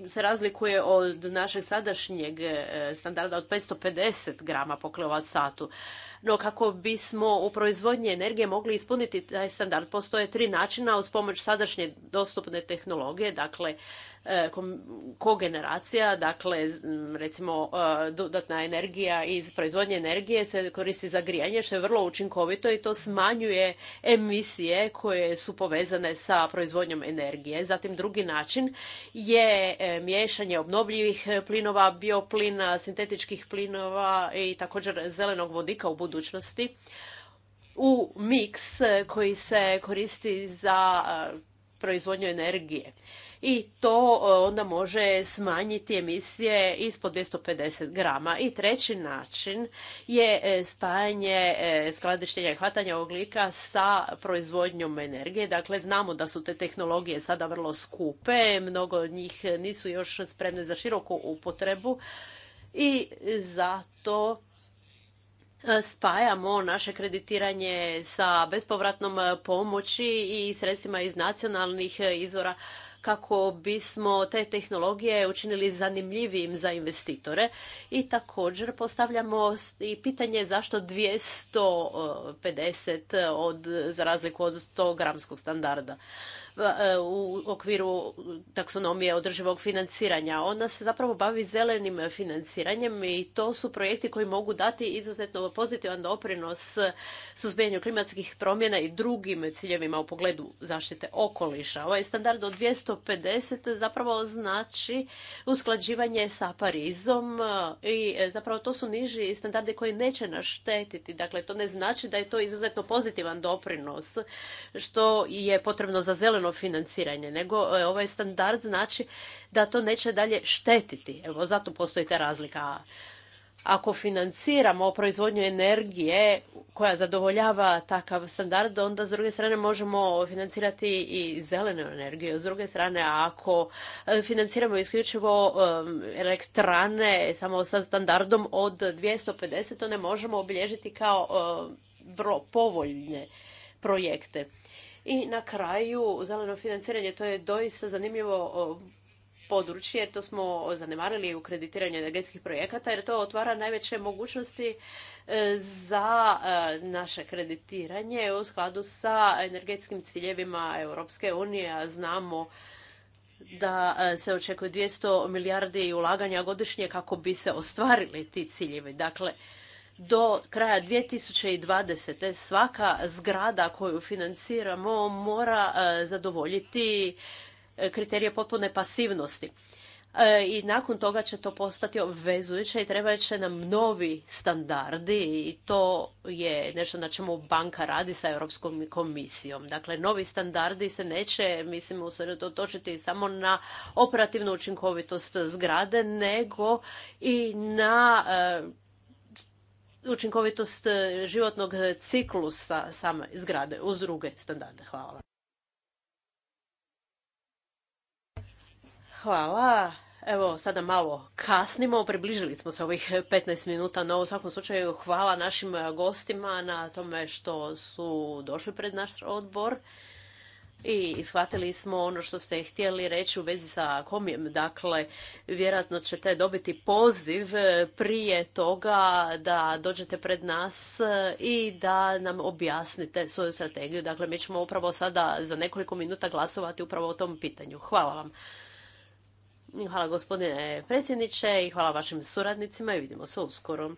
se razlikuje od našeg sadašnjeg e, standarda od 550 grama po kilovat satu. No kako bismo u proizvodnji energije mogli ispuniti taj standard, postoje tri načina uz pomoć sadašnje dostupne tehnologije, dakle E, kogeneracija, dakle recimo e, dodatna energija iz proizvodnje energije se koristi za grijanje što je vrlo učinkovito i to smanjuje emisije koje su povezane sa proizvodnjom energije. Zatim drugi način je e, miješanje obnovljivih plinova, bioplina, sintetičkih plinova i također zelenog vodika u budućnosti u miks koji se koristi za proizvodnju energije. I to e, onda može smanjiti emisije ispod 250 grama. I treći način je e, spajanje e, skladištenja i hvatanja oglika sa proizvodnjom energije. Dakle, znamo da su te tehnologije sada vrlo skupe, mnogo od njih nisu još spremne za široku upotrebu i zato spajamo naše kreditiranje sa bespovratnom pomoći i sredstvima iz nacionalnih izvora kako bismo te tehnologije učinili zanimljivijim za investitore i također postavljamo i pitanje zašto 250 od, za razliku od 100 gramskog standarda. E, u okviru taksonomije održivog financiranja. Ona se zapravo bavi zelenim financiranjem i to su projekti koji mogu dati izuzetno pozitivan doprinos suzbijanju klimatskih promjena i drugim ciljevima u pogledu zaštite okoliša. Ovaj standard od 250 zapravo znači usklađivanje sa Parizom e, i e, zapravo to su niži standardi koji neće naštetiti. Dakle, to ne znači da je to izuzetno pozitivan doprinos što je potrebno za zeleno financiranje, nego e, ovaj standard znači da to neće dalje štetiti. Evo, zato postoji ta razlika. Ako financiramo proizvodnju energije koja zadovoljava takav standard, onda s druge strane možemo financirati i zelenu energiju. S druge strane, ako e, financiramo isključivo elektrane samo sa standardom od 250, to ne možemo obilježiti kao vrlo povoljne projekte. I na kraju, zeleno financiranje, to je doista zanimljivo područje, jer to smo zanemarili u kreditiranju energetskih projekata, jer to otvara najveće mogućnosti e, za e, naše kreditiranje u skladu sa energetskim ciljevima Europske unije, a znamo da e, se očekuje 200 milijardi ulaganja godišnje kako bi se ostvarili ti ciljevi. Dakle, do kraja 2020. svaka zgrada koju financiramo mora e, zadovoljiti e, kriterije potpune pasivnosti. E, I nakon toga će to postati obvezujuće i trebat će nam novi standardi i to je nešto na čemu banka radi sa Europskom komisijom. Dakle, novi standardi se neće, mislim, usredotočiti samo na operativnu učinkovitost zgrade, nego i na učinkovitost e, životnog ciklusa same zgrade uz druge standarde. Hvala. Hvala. Evo, sada malo kasnimo, približili smo se ovih 15 minuta, no u svakom slučaju hvala našim gostima na tome što su došli pred naš odbor i shvatili smo ono što ste htjeli reći u vezi sa komijem. Dakle, vjerojatno ćete dobiti poziv e, prije toga da dođete pred nas e, i da nam objasnite svoju strategiju. Dakle, mi ćemo upravo sada za nekoliko minuta glasovati upravo o tom pitanju. Hvala vam. Hvala gospodine predsjedniče i hvala vašim suradnicima i vidimo se uskoro.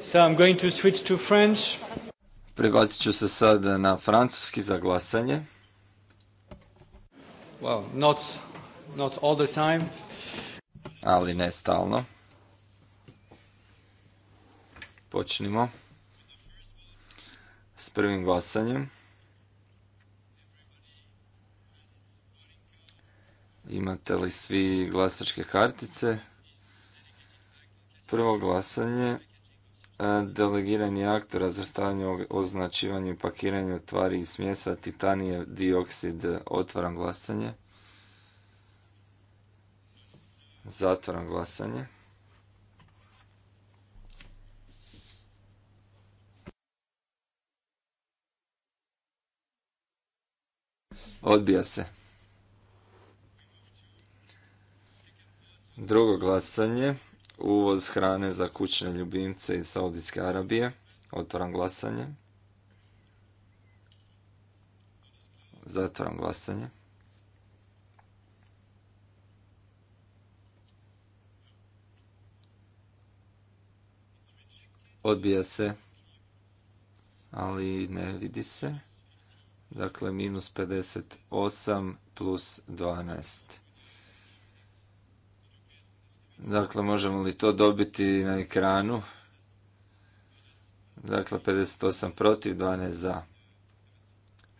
So I'm going to switch to French. Prebacit ću se sad na francuski za glasanje. Well, not, not all the time. Ali ne stalno. Počnimo s prvim glasanjem. svi glasačke kartice? Prvo glasanje. E, delegirani akt o razvrstavanju, označivanju i pakiranju tvari i smjesa titanije, dioksid. Otvaram glasanje. Zatvaram glasanje. Odbija se. Drugo glasanje, uvoz hrane za kućne ljubimce iz Saudijske Arabije. Otvaram glasanje. Zatvaram glasanje. Odbija se, ali ne vidi se. Dakle, minus 58 plus 12. Dakle, možemo li to dobiti na ekranu? Dakle, 58 protiv, 12 za.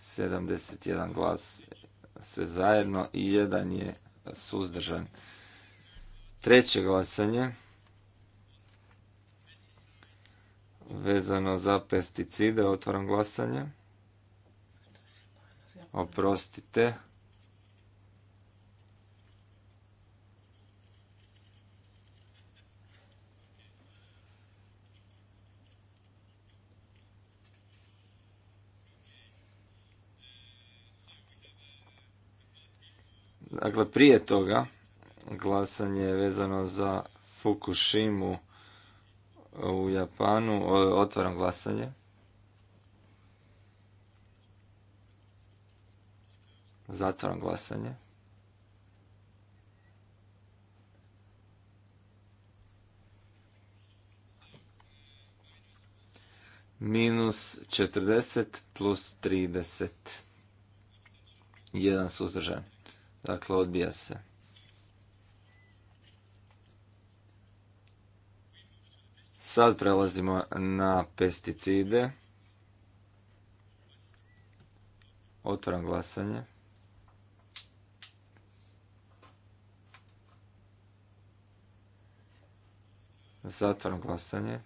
71 glas sve zajedno i jedan je suzdržan. Treće glasanje vezano za pesticide, otvaram glasanje. Oprostite. Dakle, prije toga glasanje je vezano za Fukushimu u Japanu. Otvaram glasanje. Zatvaram glasanje. Minus 40 plus 30. Jedan suzdržan. Dakle, odbija se. Sad prelazimo na pesticide. Otvaram glasanje. Zatvaram glasanje.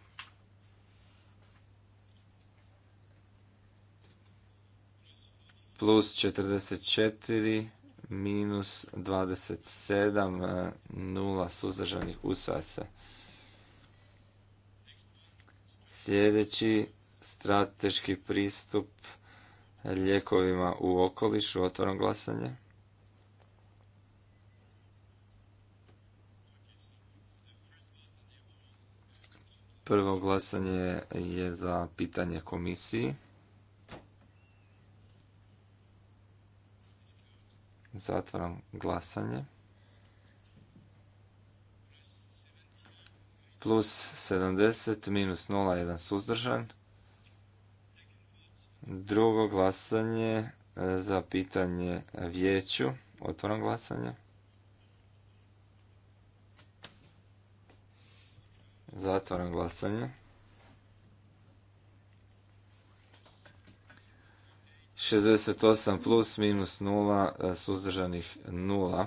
Plus 44 minus 27, e, nula suzdržanih usvaja se. Sljedeći strateški pristup ljekovima u okolišu, otvorom glasanje. Prvo glasanje je za pitanje komisiji. Zatvaram glasanje. Plus 70, minus 0, 1 suzdržan. Drugo glasanje e, za pitanje vijeću. Otvaram glasanje. Zatvaram glasanje. 68 plus minus 0 e, suzdržanih 0.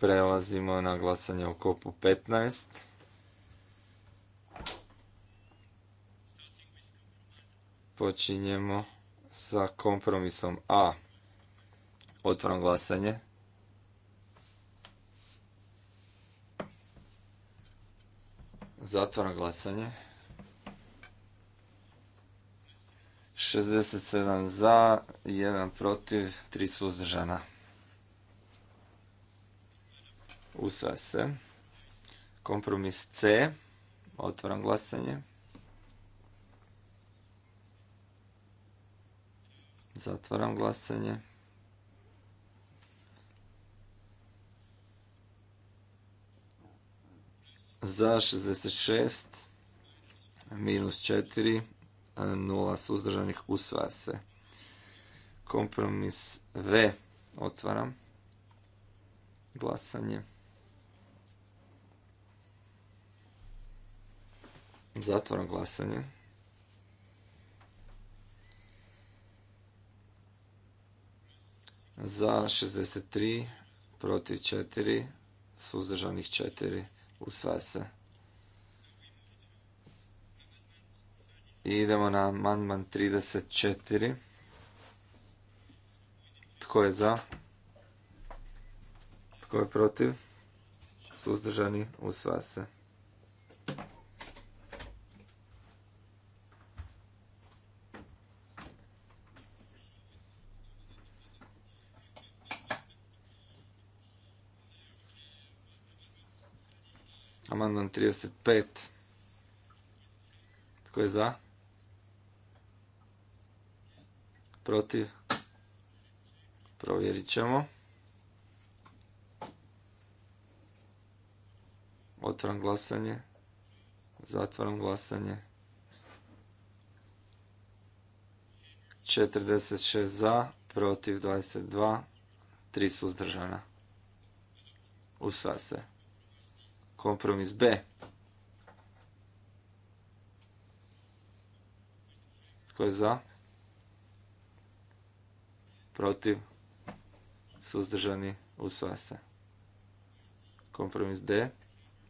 Prelazimo na glasanje u kopu 15. Počinjemo sa kompromisom A. Otvorom glasanje. Zatvaram glasanje. 67 za, 1 protiv, 3 suzdržana. Usvaja se. Kompromis C. Otvaram glasanje. Zatvaram glasanje. za 66 minus 4 nula suzdržanih usvaja se kompromis V otvaram glasanje zatvaram glasanje za 63 protiv 4 suzdržanih 4 usvaja se. idemo na amandman 34. Tko je za? Tko je protiv? Suzdržani u se. Amandman 35. Tko je za? Protiv? Provjerit ćemo. Otvaram glasanje. Zatvaram glasanje. 46 za, protiv 22, 3 suzdržana. Usva se. Kompromis B. Tko je za? Protiv? Suzdržani? Usvaja se. Kompromis D.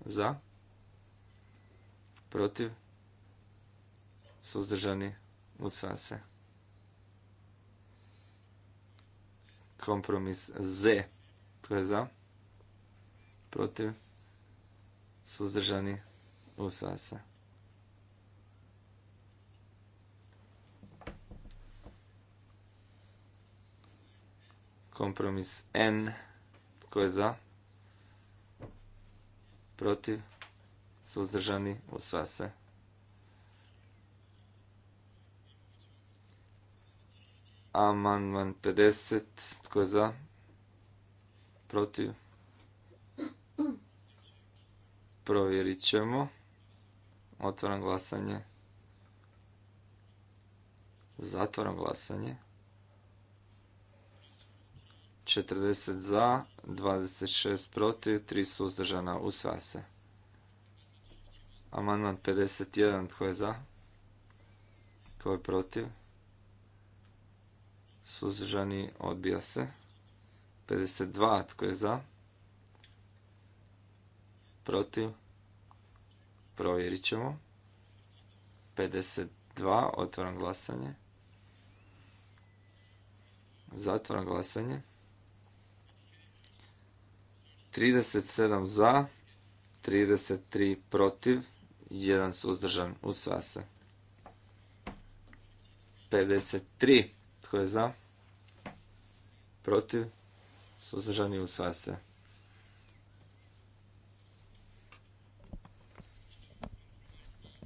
Za? Protiv? Suzdržani? Usvaja se. Kompromis Z. Tko je za? Protiv? suzdržani, usvaja se. Kompromis N, tko je za, protiv, suzdržani, usvaja se. Amandman 50, tko je za, protiv, Provjerit ćemo. Otvaram glasanje. Zatvaram glasanje. 40 za, 26 protiv, 3 suzdržana, usvaja se. Amandman 51, tko je za? Tko je protiv? Suzdržani, odbija se. 52, tko je za? protiv, provjerit ćemo. 52, otvaram glasanje. Zatvaram glasanje. 37 za, 33 protiv, 1 suzdržan, usva se. 53, tko je za? Protiv, i usvaja se.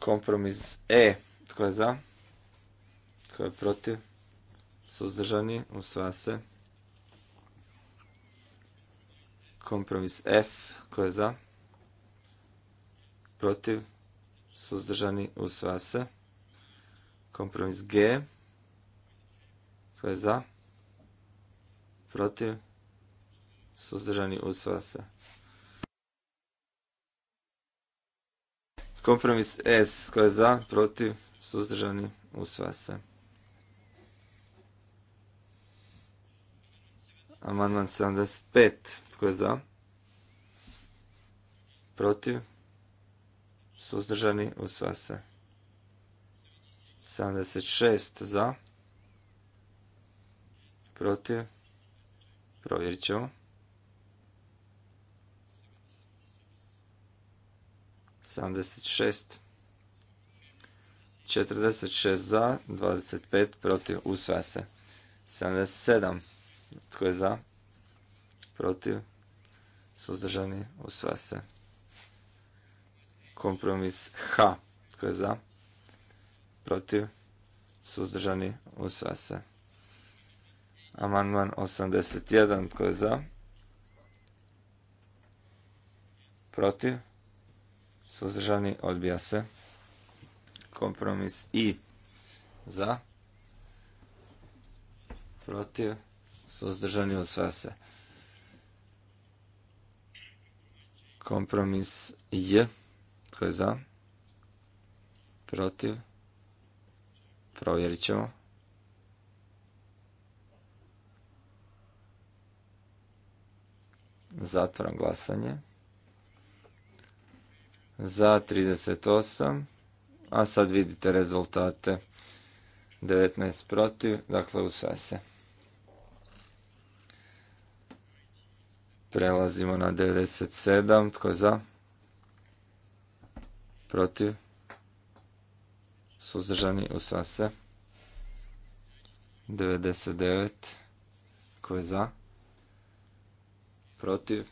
Kompromis E. Tko je za? Tko je protiv? Suzdržani? Usvaja se. Kompromis F. Tko je za? Protiv? Suzdržani? Usvaja se. Kompromis G. Tko je za? Protiv? Suzdržani? Usvaja se. Kompromis S, tko je za, protiv, suzdržani, usvaja se. Amandman 75, tko je za, protiv, suzdržani, usvaja se. 76 za, protiv, provjerit ćemo. 76. 46 za, 25 protiv, usvaja se. 77. Tko je za? Protiv? Suzdržani? Usvaja se. Kompromis H. Tko je za? Protiv? Suzdržani? Usvaja se. Amandman 81. Tko je za? Protiv? suzdržani, odbija se. Kompromis i za, protiv, suzdržani, usvaja se. Kompromis j, tko je za, protiv, provjerit ćemo. Zatvoram glasanje za 38, a sad vidite rezultate 19 protiv, dakle u se. Prelazimo na 97, tko je za? Protiv? Suzdržani, usvaja se. 99, tko je za? Protiv?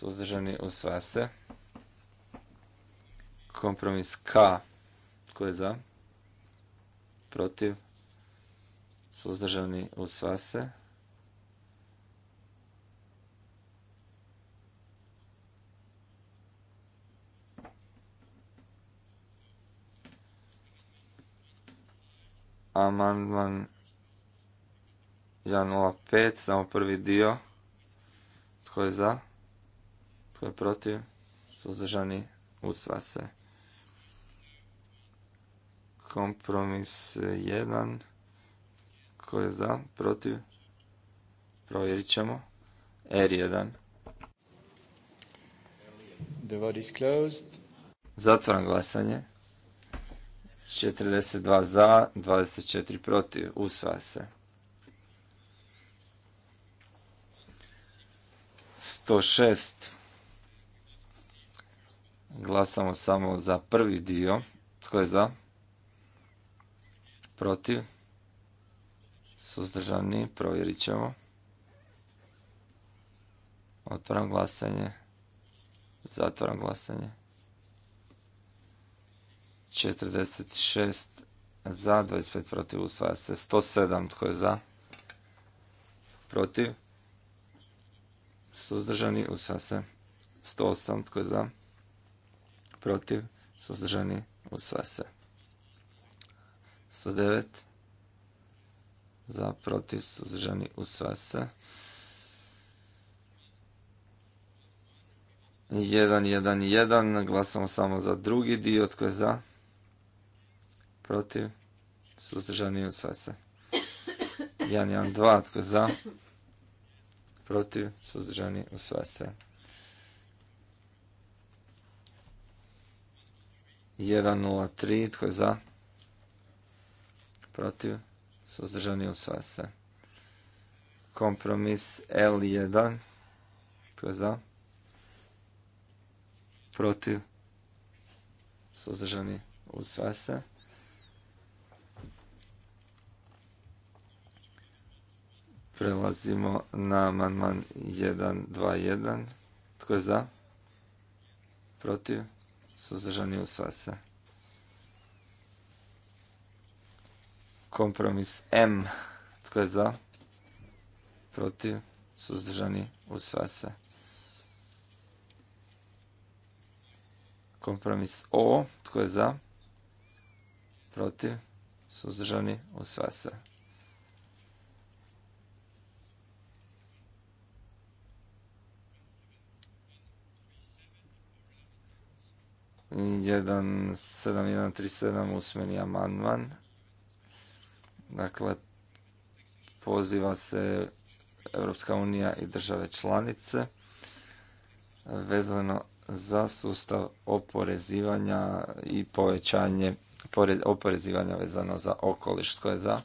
suzdržani, u se. Kompromis K, tko je za? Protiv, suzdržani, sva se. Amandman 1.05, samo prvi dio. Tko je za? Tko je protiv? Suzdržani usva se. Kompromis 1. Tko je za? Protiv? Provjerit ćemo. R1. The vote is closed. glasanje. 42 za, 24 protiv. Usva se. 106 Glasamo samo za prvi dio. Tko je za? Protiv? Suzdržani? Provjerit ćemo. Otvaram glasanje. Zatvaram glasanje. 46 za, 25 protiv, usvaja se. 107, tko je za? Protiv? Suzdržani, usvaja se. 108, tko je za? protiv, suzdržani, u se. 109 za, protiv, suzdržani, u se. 1-1-1, glasamo samo za drugi dio, tko je za, protiv, suzdržani, u se. 1-1-2, tko je za, protiv, suzdržani, u se. 103, tko je za? Protiv? Suzdržani usvaja se. Kompromis L1, tko je za? Protiv? Suzdržani usvaja se. Prelazimo na 2 121. Tko je za? Protiv? suzdržani usvase. se. Kompromis M, tko je za, protiv, suzdržani usva se. Kompromis O, tko je za, protiv, suzdržani usva se. 17137 usmeni amandman. Dakle, poziva se Europska unija i države članice vezano za sustav oporezivanja i povećanje oporezivanja vezano za okoliš. Tko je za?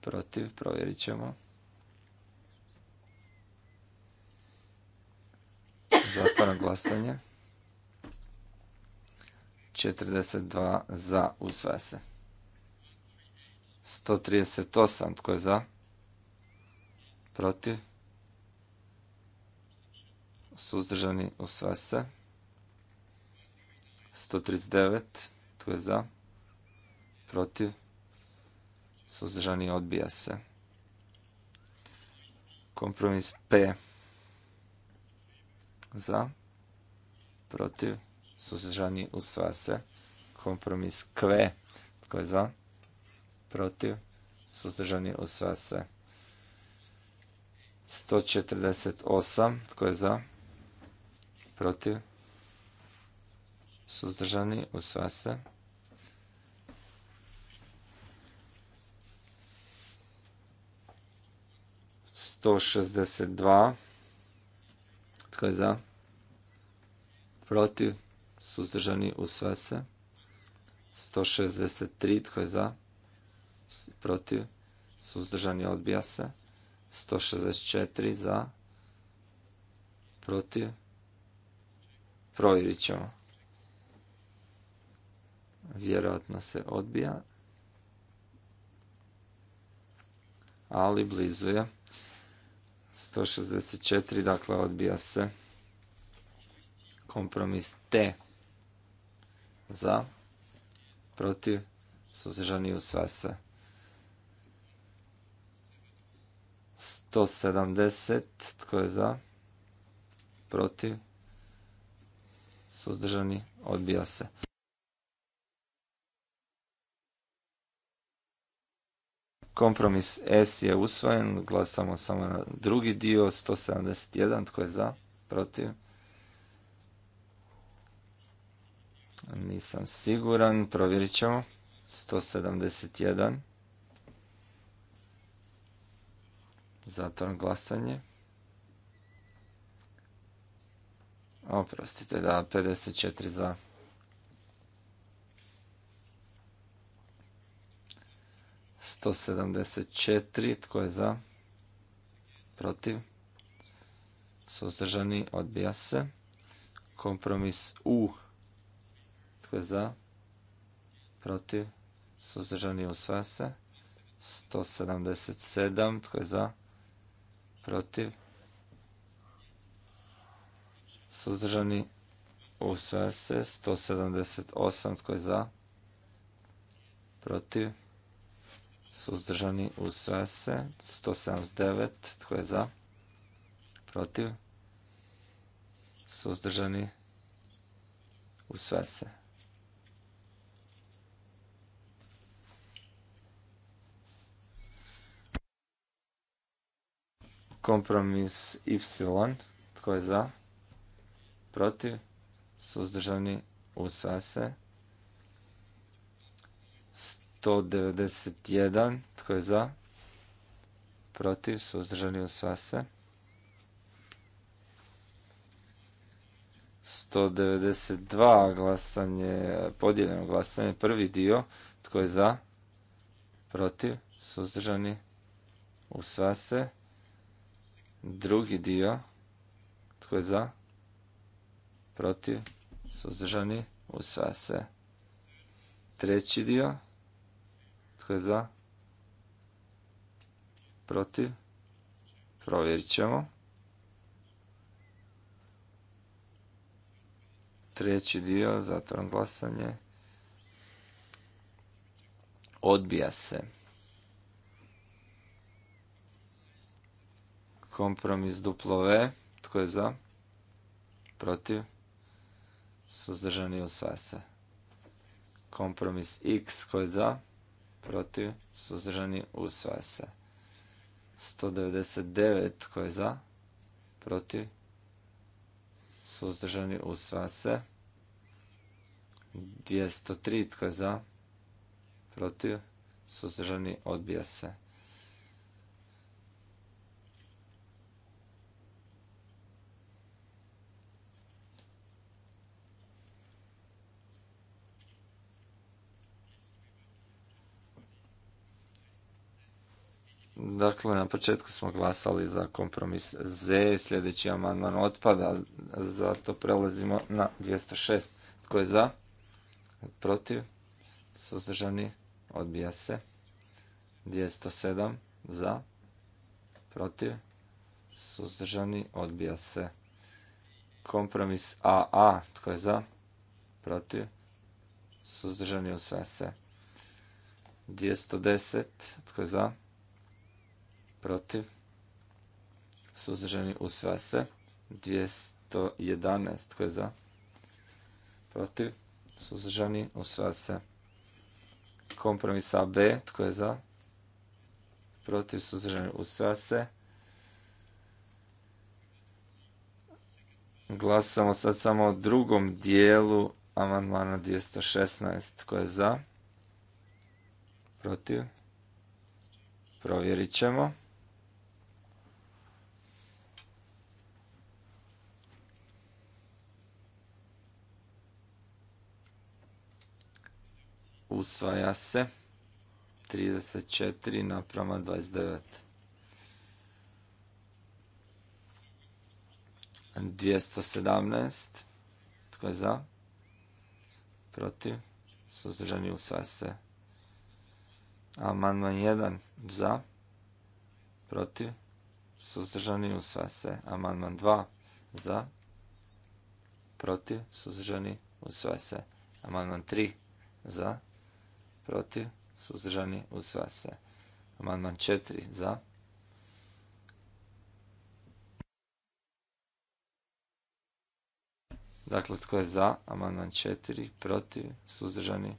Protiv? Provjerit ćemo. Zatvaram glasanje. 42 za, usvaja se. 138, tko je za? Protiv? Suzdržani, usvaja se. 139, tko je za? Protiv? Suzdržani, odbija se. Kompromis P za, protiv, suzdržani, usva se. Kompromis kve, tko je za, protiv, suzdržani, usva se. 148, tko je za, protiv, suzdržani, u se. 162 tko je za? Protiv? suzdržani, sve se. 163, tko je za, protiv, suzdržani, odbija se. 164, za, protiv, provjerit ćemo. Vjerojatno se odbija. ali blizu je. 164, dakle odbija se kompromis T za, protiv, suzdržani usvaja se. 170, tko je za, protiv, suzdržani odbija se. Kompromis S je usvojen, glasamo samo na drugi dio, 171, tko je za, protiv, Nisam siguran, provjerit ćemo. 171. Zatvorn glasanje. Oprostite, da, 54 za. 174. sedamdeset tko je za? Protiv? Suzdržani, odbija se. Kompromis U tko je za? Protiv? Suzdržani usvaja se. 177. Tko je za? Protiv? Suzdržani usvaja se. 178. Tko je za? Protiv? Suzdržani usvaja se. 179. Tko je za? Protiv? Suzdržani usvaja se. Kompromis Y. Tko je za? Protiv? Suzdržani? Usvaja se. 191. Tko je za? Protiv? Suzdržani? Usvaja se. 192 glasanje, podijeljeno glasanje, prvi dio, tko je za, protiv, suzdržani, usvase. se. Drugi dio, tko je za, protiv, suzdržani, usvaja se. Treći dio, tko je za, protiv, provjerit ćemo. Treći dio, zatvoram glasanje, odbija se. Kompromis duplo V. Tko je za? Protiv? Suzdržani usvaja se. Kompromis X. Tko je za? Protiv? Suzdržani usvaja se. 199. Tko je za? Protiv? Suzdržani usvaja se. 203. Tko je za? Protiv? Suzdržani odbija se. Dakle, na početku smo glasali za kompromis Z, sljedeći amandman otpada, zato prelazimo na 206. Tko je za? Protiv? Suzdržani? Odbija se. 207 za, protiv, suzdržani, odbija se. Kompromis AA, tko je za, protiv, suzdržani, sve se. 210, tko je za, protiv, suzdržani usvaja se, 211 tko je za, protiv, suzdržani usvaja se, kompromis AB tko je za, protiv, suzdržani usvaja se, Glasamo sad samo o drugom dijelu amandmana 216. Tko je za? Protiv? Provjerit ćemo. usvaja se 34 naprama 29. 217. Tko je za? Protiv? Suzdržani usvaja se. Amandman 1 za. Protiv? Suzdržani usvaja se. Amandman 2 za. Protiv? Suzdržani usvaja se. Amandman 3 za protiv, suzdržani, usvaja se. Amandman 4 za, Dakle, tko je za? Amandman 4. Protiv? Suzdržani?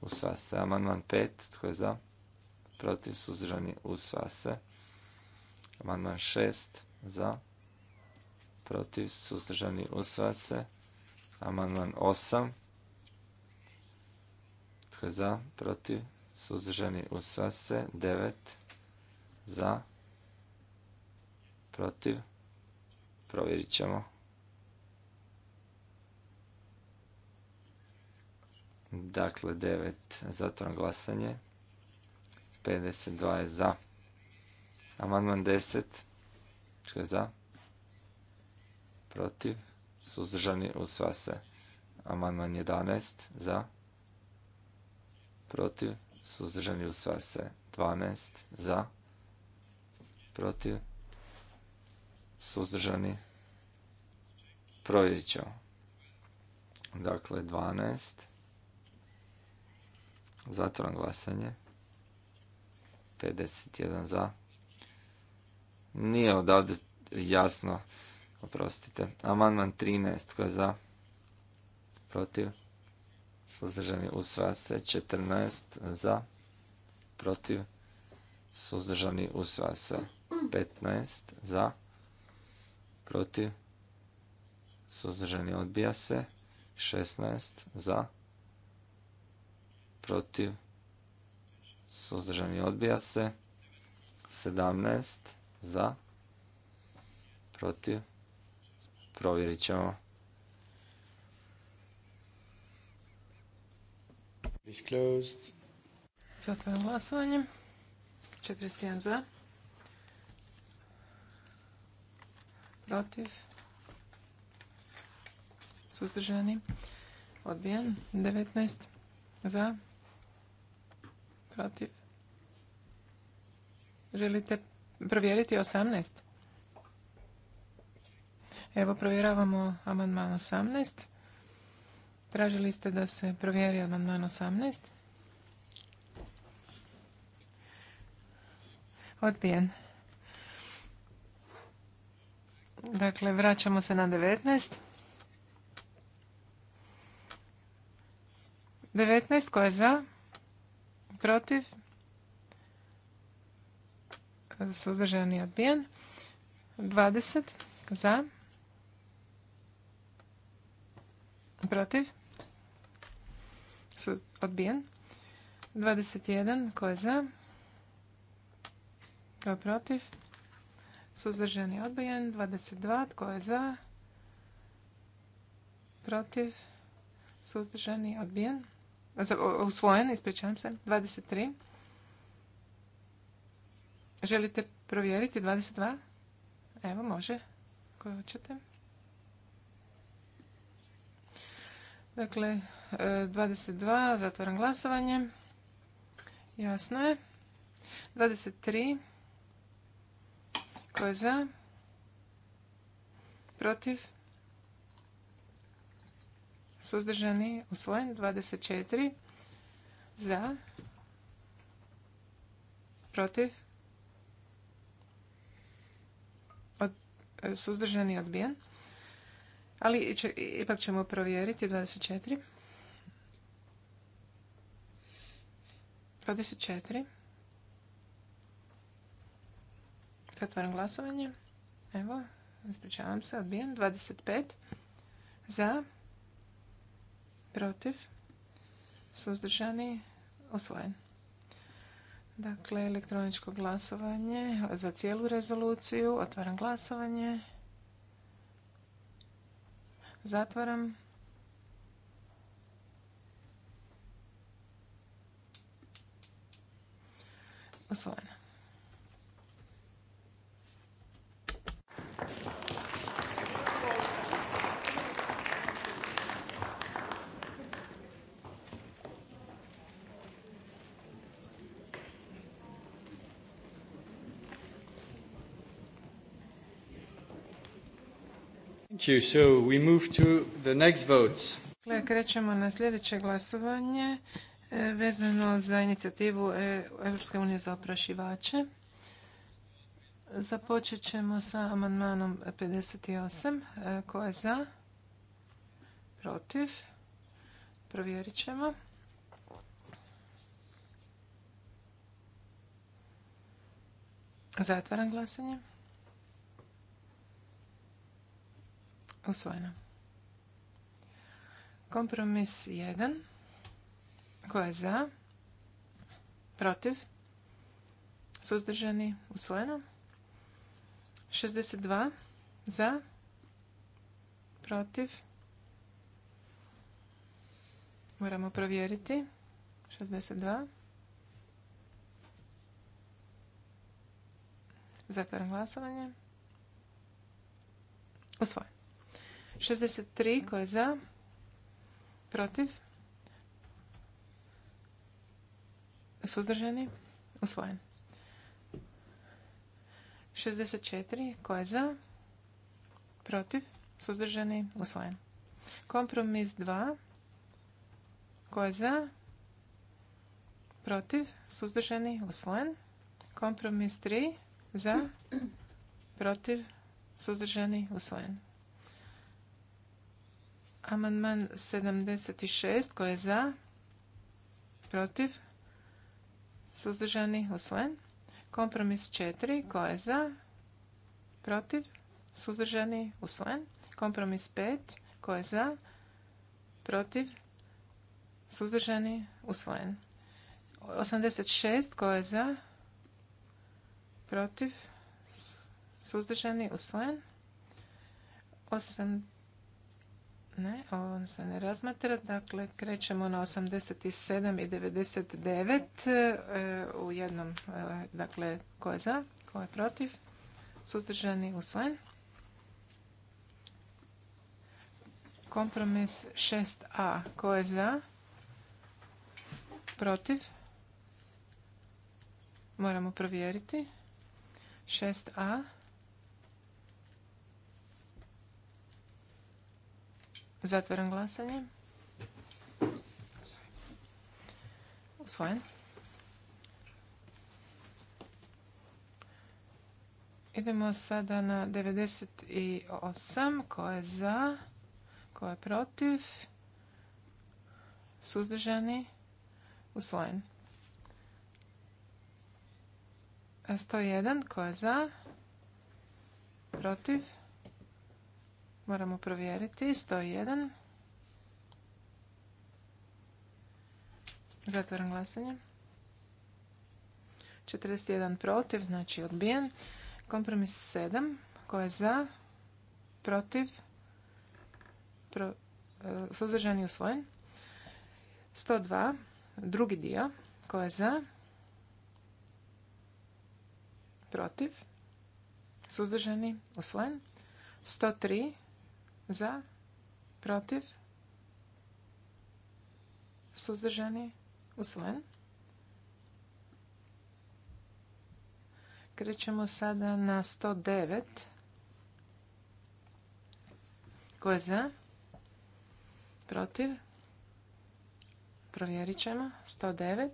Usva se. Amandman 5. Tko je za? Protiv? Suzdržani? Usva se. Amandman 6. Za? Protiv? Suzdržani? Usva se. Amandman 8. Tko je za? Protiv? Suzdržani? Usva se. 9. Za? Protiv? Provjerit ćemo. Dakle, devet, Zatvorno glasanje. 52 je za. Amandman 10. Tko je za? Protiv? Suzdržani? Usva se. Amandman 11. Za? protiv, suzdržani usvaja se 12 za, protiv, suzdržani provjerit Dakle, 12. Zatvoram glasanje. 51 za. Nije odavde jasno, oprostite. Amandman 13, ko je za? Protiv? suzdržani usvaja se 14 za protiv suzdržani usvaja se 15 za protiv suzdržani odbija se 16 za protiv suzdržani odbija se 17 za protiv provjerit ćemo Zatvaram glasovanje. 41 za. Protiv. Suzdržani. Odbijen. 19 za. Protiv. Želite provjeriti 18? Evo provjeravamo amandman 18. Tražili ste da se provjeri amandman 18. Odbijen. Dakle, vraćamo se na 19. 19, ko je za? Protiv? Suzdržan i odbijen. 20, za? Protiv? odbijen. 21 Ko je za? Ko je protiv? Suzdržani odbijen. 22 Ko je za? Protiv? Suzdržani odbijen. Usvojen, ispričavam se. 23. Želite provjeriti 22? Evo, može. Ako hoćete. Dakle, 22, e, zatvoram glasovanje. Jasno je. 23, ko je za? Protiv? Suzdržani, usvojen. 24, za? Protiv? E, suzdržani, odbijen. Ali ipak ćemo provjeriti 24. 24. Zatvaram glasovanje. Evo, ispričavam se, odbijem. 25. Za. Protiv. Suzdržani. Osvojen. Dakle, elektroničko glasovanje za cijelu rezoluciju. Otvaram glasovanje. Zatvaram. Usvojeno. Dakle, krećemo na sljedeće glasovanje e, vezano za inicijativu e, Europske unije za oprašivače. Započet ćemo sa amandmanom 58. E, ko je za? Protiv? Provjerit ćemo. Zatvaram glasanje. Usvojeno. Kompromis 1. Ko je za? Protiv? Suzdržani? Usvojeno. 62. Za? Protiv? Moramo provjeriti. 62. Zatvaram glasovanje. Usvojeno. 63 koje je za, protiv, suzdržani, usvojen. 64 koje je za, protiv, suzdržani, usvojen. Kompromis 2 koje je za, protiv, suzdržani, usvojen. Kompromis 3 za, protiv, suzdržani, usvojen. Amandman 76 koji je za, protiv, suzdržani, usvojen. Kompromis 4 koji je za, protiv, suzdržani, usvojen. Kompromis 5 koji je za, protiv, suzdržani, usvojen. 86 koji je za, protiv, suzdržani, usvojen. 8 ne, on se ne razmatra. Dakle, krećemo na 87 i 99 e, u jednom, e, dakle, ko je za, ko je protiv, suzdržani, usvojen. Kompromis 6a, ko je za, protiv, moramo provjeriti. 6a, Zatvaram glasanje. Usvojen. Idemo sada na 98. Ko je za? Ko je protiv? Suzdržani? Usvojen. 101. Ko je za? Protiv? Moramo provjeriti. 101. Zatvaram glasanje. 41 protiv, znači odbijen. Kompromis 7. Ko je za? Protiv? Pro, e, suzdržan i usvojen. 102. Drugi dio. Ko je za? Protiv? Suzdržani? Usvojen. 103 za, protiv, suzdržani, usvojen. Krećemo sada na 109. Ko je za? Protiv? Provjerit ćemo. 109.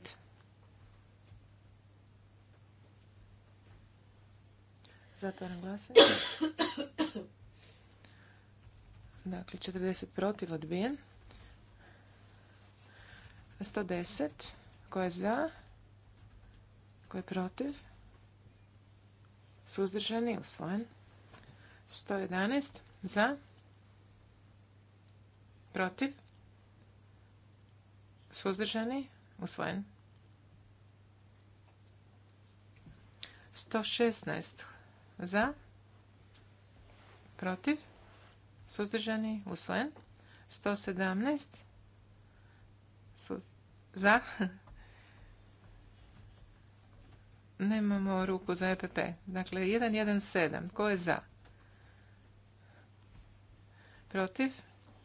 Zatvaram glasanje. Dakle, 40 protiv odbijen. 110. Ko je za? Ko je protiv? Suzdržani, usvojen. 111. Za? Protiv? Suzdržani, usvojen. 116. Za? Protiv? suzdržani, usvojen. 117 za. Nemamo ruku za EPP. Dakle, 117. Ko je za? Protiv?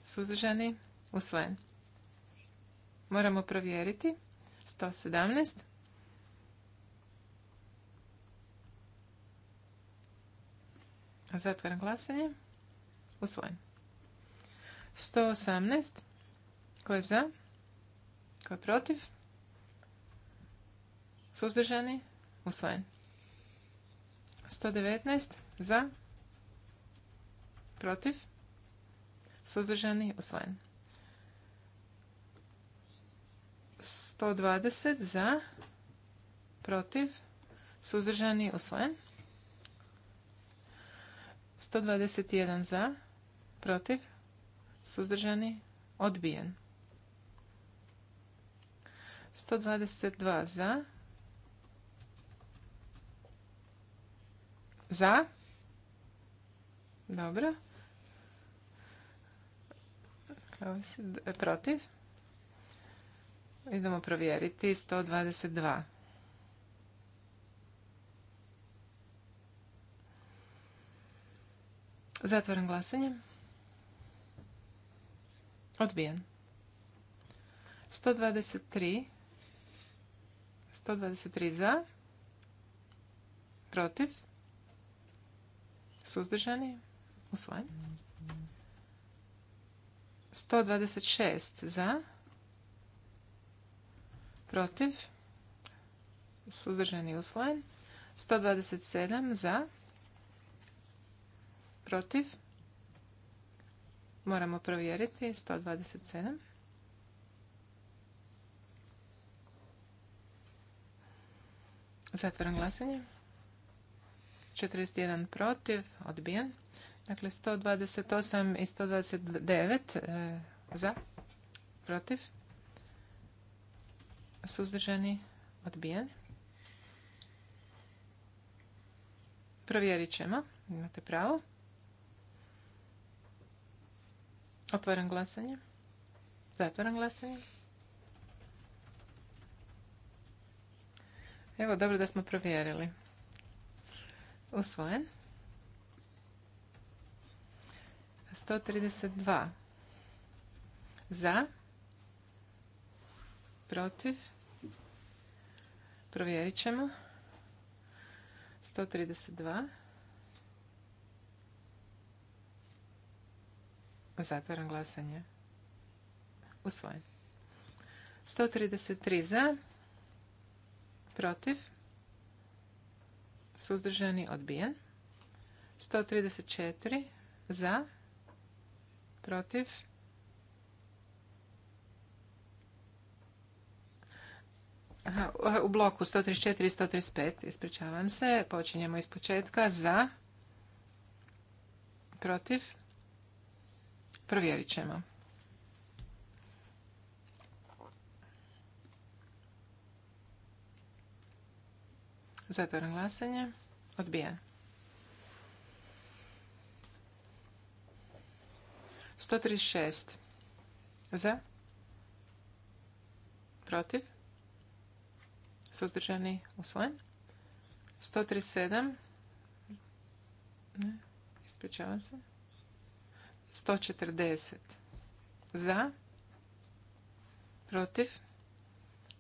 Suzdržani? Usvojen. Moramo provjeriti. 117. Zatvaram glasanje. Usvojen. 118. Ko je za? Ko je protiv? Suzdržani? Usvojen. 119. Za? Protiv? Suzdržani? Usvojen. 120. Za? Protiv? Suzdržani? Usvojen. 121. Za? protiv, suzdržani, odbijen. 122 za, za, dobro, protiv, idemo provjeriti, 122 Zatvaram glasanjem. Odbijen. 123. 123 za. Protiv. Suzdržani. Usvojen. 126 za. Protiv. Suzdržani. Usvojen. 127 za. Protiv. Moramo provjeriti. 127. Zatvaram glasanje. 41 protiv, odbijen. Dakle, 128 i 129 e, za, protiv, suzdržani, odbijen. Provjerit ćemo, imate pravo. Otvaram glasanje. Zatvaram glasanje. Evo, dobro da smo provjerili. Usvojen. 132. Za. Protiv. Provjerit ćemo. 132. Zatvaram glasanje. Usvojen. 133 za. Protiv. Suzdržani odbijen. 134 za. Protiv. u bloku 134 i 135, ispričavam se, počinjemo iz početka, za, protiv, Provjerit ćemo. Zatvorno glasanje. Odbijen. 136. Za. Protiv. Suzdržani usvojen. 137. Ne, ispričavam se. 140 za, protiv,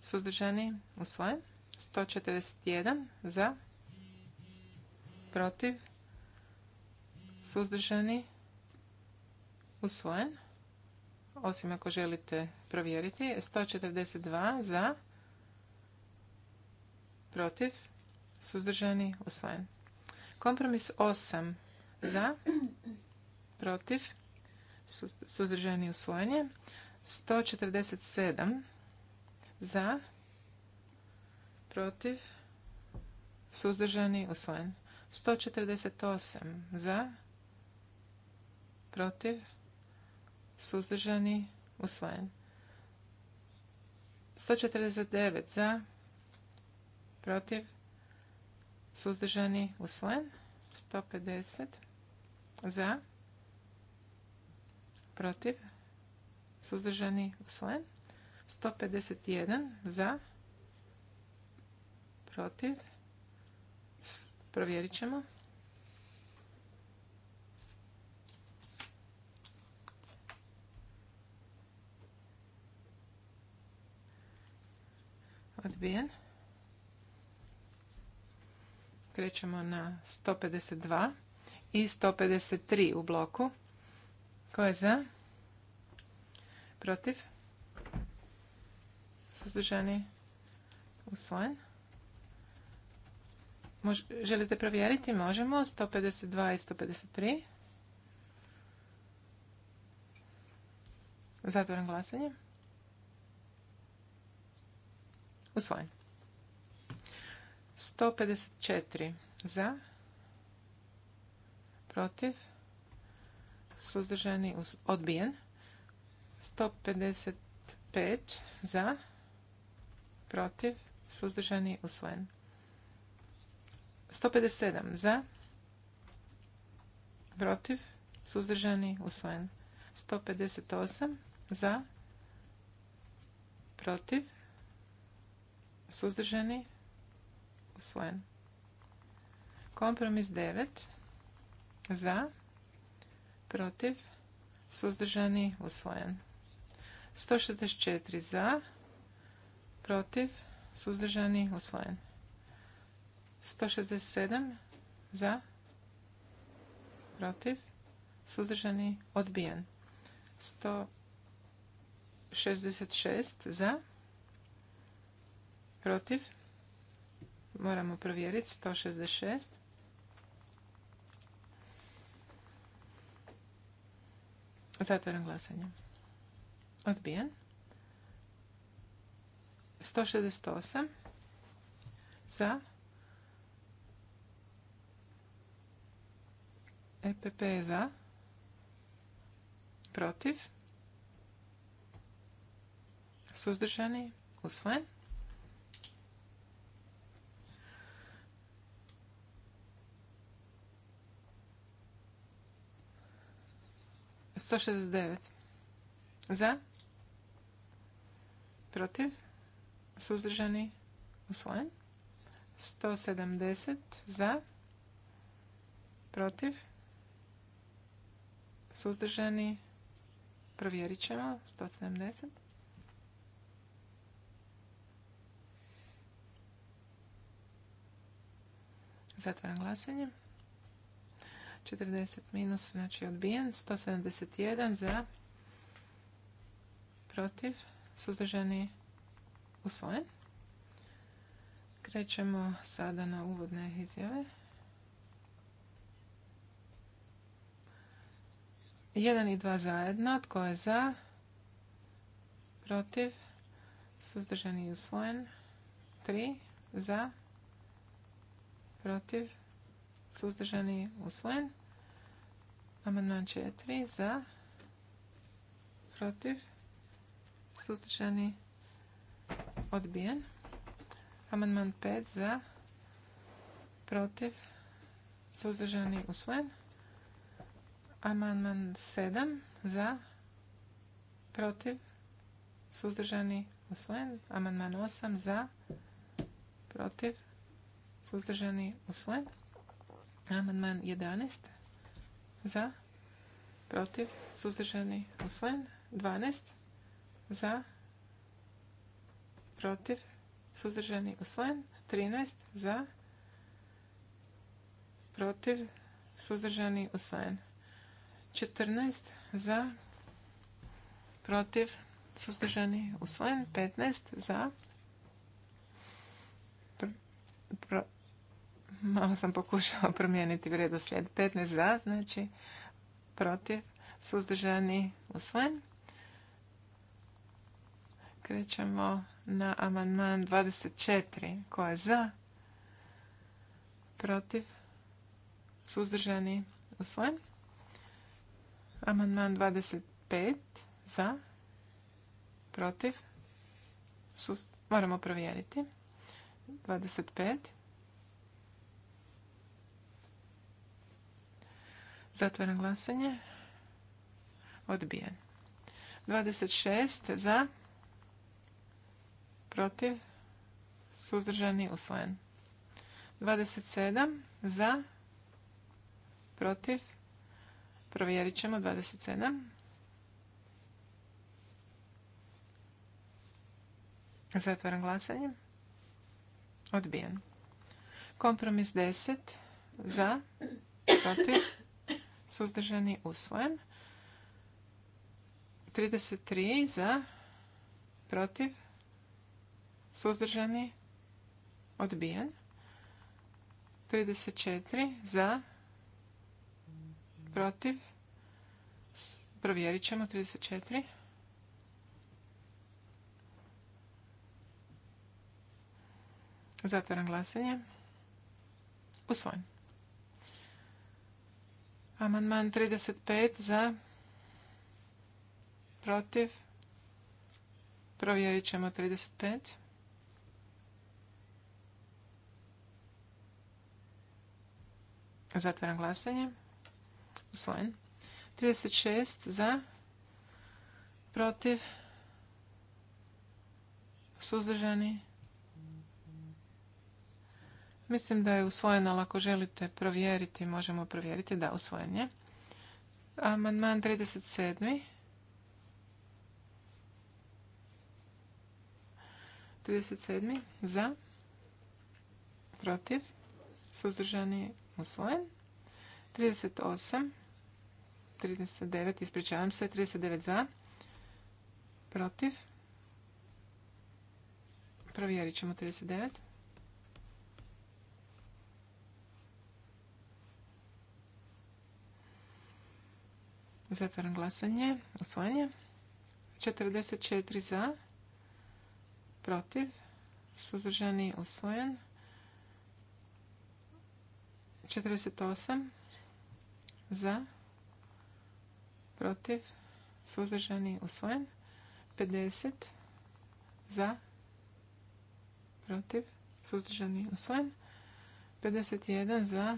suzdržani, usvojen. 141 za, protiv, suzdržani, usvojen. Osim ako želite provjeriti. 142 za, protiv, suzdržani, usvojen. Kompromis 8 za, protiv, suzdržani usvojenje. 147 za, protiv, suzdržani usvojen. 148 za, protiv, suzdržani uslojen. 149 za, protiv, suzdržani usvojen. 150 za, protiv, suzdržani, usvojen. 151 za, protiv, provjerit ćemo. Odbijen. Krećemo na 152 i 153 u bloku. Tko je za? Protiv? Suzdržani? Usvojen? želite provjeriti? Možemo. 152 i 153. Zatvoren glasanje. Usvojen. 154 za. Protiv suzdržani, odbijen. 155 za, protiv, suzdržani, usvojen. 157 za, protiv, suzdržani, usvojen. 158 za, protiv, suzdržani, usvojen. Kompromis 9 za, protiv, protiv, suzdržani, usvojen. 164 za, protiv, suzdržani, usvojen. 167 za, protiv, suzdržani, odbijen. 166 za, protiv, moramo provjeriti, 166 Zatvaram glasanje. Odbijen. 168 za EPP za protiv suzdržani usvojen 169. Za? Protiv? Suzdržani? Usvojen. 170. Za? Protiv? Suzdržani? Provjerit ćemo. 170. Zatvaram glasanje. 40 minus, znači odbijen. 171 za, protiv, suzdržani, usvojen. Krećemo sada na uvodne izjave. Jedan i dva zajedno. Tko je za? Protiv? Suzdržani i usvojen. Tri. Za? Protiv? suzdržani, usvojen. Amandman 4 za, protiv, suzdržani, odbijen. Amandman 5 za, protiv, suzdržani, usvojen. Amandman 7 za, protiv, suzdržani, usvojen. Amandman 8 za, protiv, suzdržani, usvojen. Amandman 11. Za. Protiv. Suzdržani. Usvojen. 12. Za. Protiv. Suzdržani. Usvojen. 13. Za. Protiv. Suzdržani. Usvojen. 14. Za. Protiv. Suzdržani. Usvojen. 15. Za. Malo sam pokušala promijeniti vredoslijed. 15 za, znači protiv, suzdržani, usvojen. Krećemo na amandman 24. koja je za? Protiv? Suzdržani? Usvojen. Amandman 25. Za? Protiv? Moramo provjeriti. 25. Zatvaram glasanje. Odbijen. 26 za. Protiv. Suzdržani. Usvojen. 27 za. Protiv. Provjerit ćemo 27. Zatvaram glasanje. Odbijen. Kompromis 10 za. Protiv suzdržani, usvojen. 33 za, protiv, suzdržani, odbijen. 34 za, protiv, provjerit ćemo 34. Zatvaram glasanje. Usvojen. Amandman 35 za, protiv, provjerit ćemo 35. Zatvaram glasanje. Usvojen. 36 za, protiv, suzdržani, Mislim da je usvojen ali ako želite provjeriti, možemo provjeriti da usvojen je. Amandman 37. 37. Za. Protiv. Suzdržani usvojen. 38. 39. Ispričavam se. 39 za. Protiv. Provjerit ćemo 39. Zatvaram glasanje. osvojenje. 44 za. Protiv. Suzdržani usvojen. 48 za. Protiv. Suzdržani usvojen. 50 za. Protiv. Suzdržani usvojen. 51 za.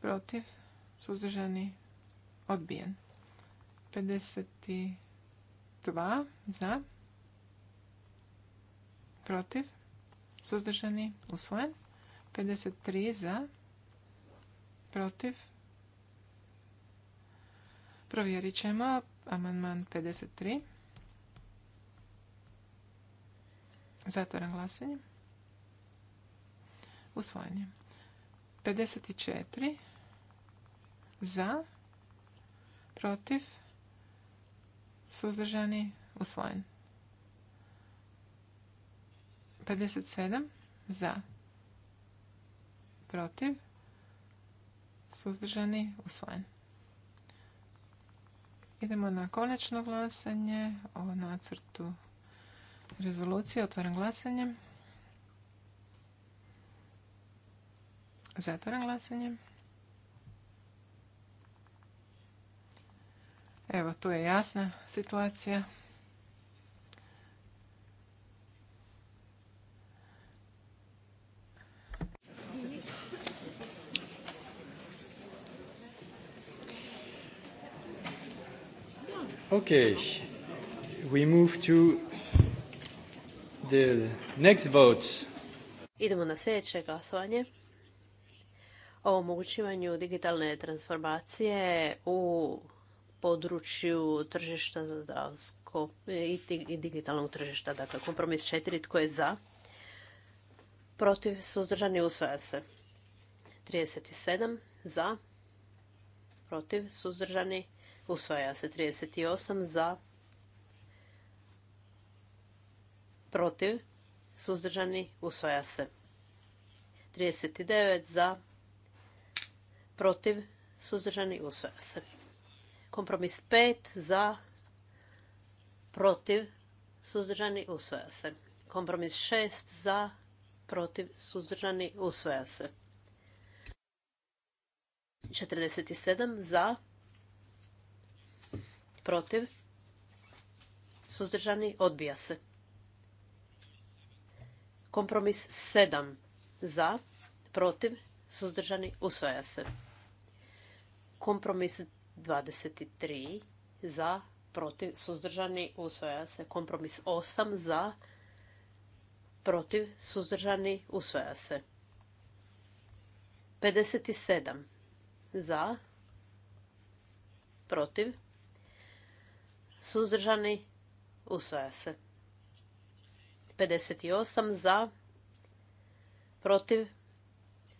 Protiv. Suzdržani Odbijen. 52 za. Protiv. Suzdržani. Usvojen. 53 za. Protiv. Provjerit ćemo amandman 53. zatvoram glasanje. Usvajanje. 54 za protiv, suzdržani, usvojen. 57 za, protiv, suzdržani, usvojen. Idemo na konačno glasanje o nacrtu rezolucije. Otvoren glasanje. Zatvaram glasanje. Evo, tu je jasna situacija. we move to the next Idemo na sljedeće glasovanje o omogućivanju digitalne transformacije u području tržišta za zdravsko i digitalnog tržišta. Dakle, kompromis četiri, tko je za? Protiv, suzdržani, usvaja se. 37 za, protiv, suzdržani, usvaja se. 38 za, protiv, suzdržani, usvaja se. 39 za, protiv, suzdržani, usvaja se. Kompromis 5 za, protiv, suzdržani, usvaja se. Kompromis 6 za, protiv, suzdržani, usvaja se. 47 za, protiv, suzdržani, odbija se. Kompromis 7 za, protiv, suzdržani, usvaja se. Kompromis 23 za, protiv, suzdržani, usvaja se. Kompromis 8 za, protiv, suzdržani, usvaja se. 57 za, protiv, suzdržani, usvaja se. 58 za, protiv,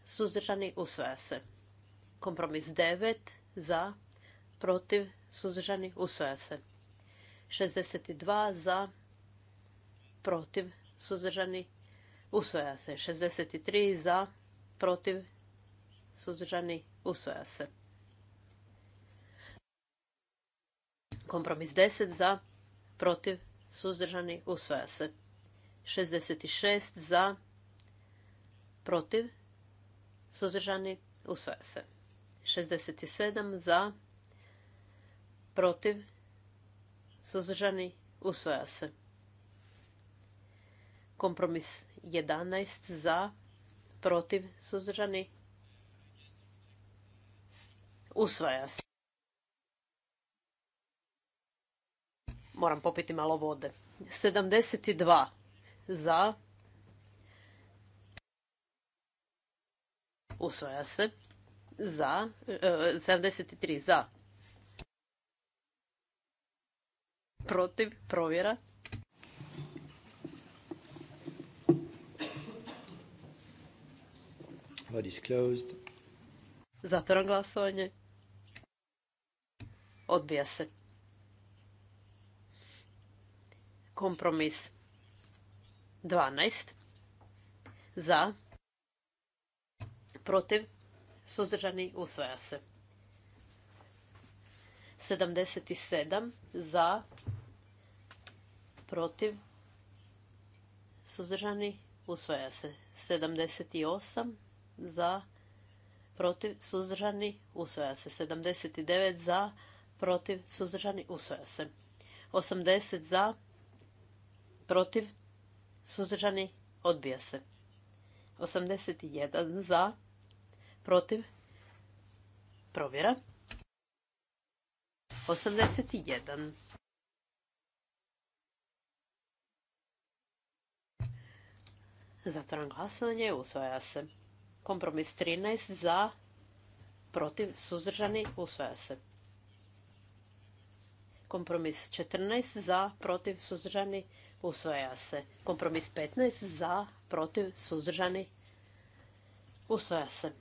suzdržani, usvaja se. Kompromis 9 za, protiv, suzdržani, usvaja se. 62 za, protiv, suzdržani, usvaja se. 63 za, protiv, suzdržani, usvaja se. Kompromis 10 za, protiv, suzdržani, usvaja se. 66 za, protiv, suzdržani, usvaja se. 67 za, protiv, suzdržani, usvoja se. Kompromis 11 za, protiv, suzdržani, usvaja se. Moram popiti malo vode. 72 za, usvaja se, za, 73 e, za, protiv, provjera. Zatvoram glasovanje. Odbija se. Kompromis 12. Za. Protiv. Suzdržani usvaja se. 77 za protiv, suzdržani, usvaja se. 78 za, protiv, suzdržani, usvaja se. 79 za, protiv, suzdržani, usvaja se. 80 za, protiv, suzdržani, odbija se. 81 za, protiv, provjera. 81 Zatvoran glasovanje usvaja se. Kompromis 13 za, protiv, suzdržani, usvaja se. Kompromis 14 za, protiv, suzdržani, usvaja se. Kompromis 15 za, protiv, suzdržani, usvaja se.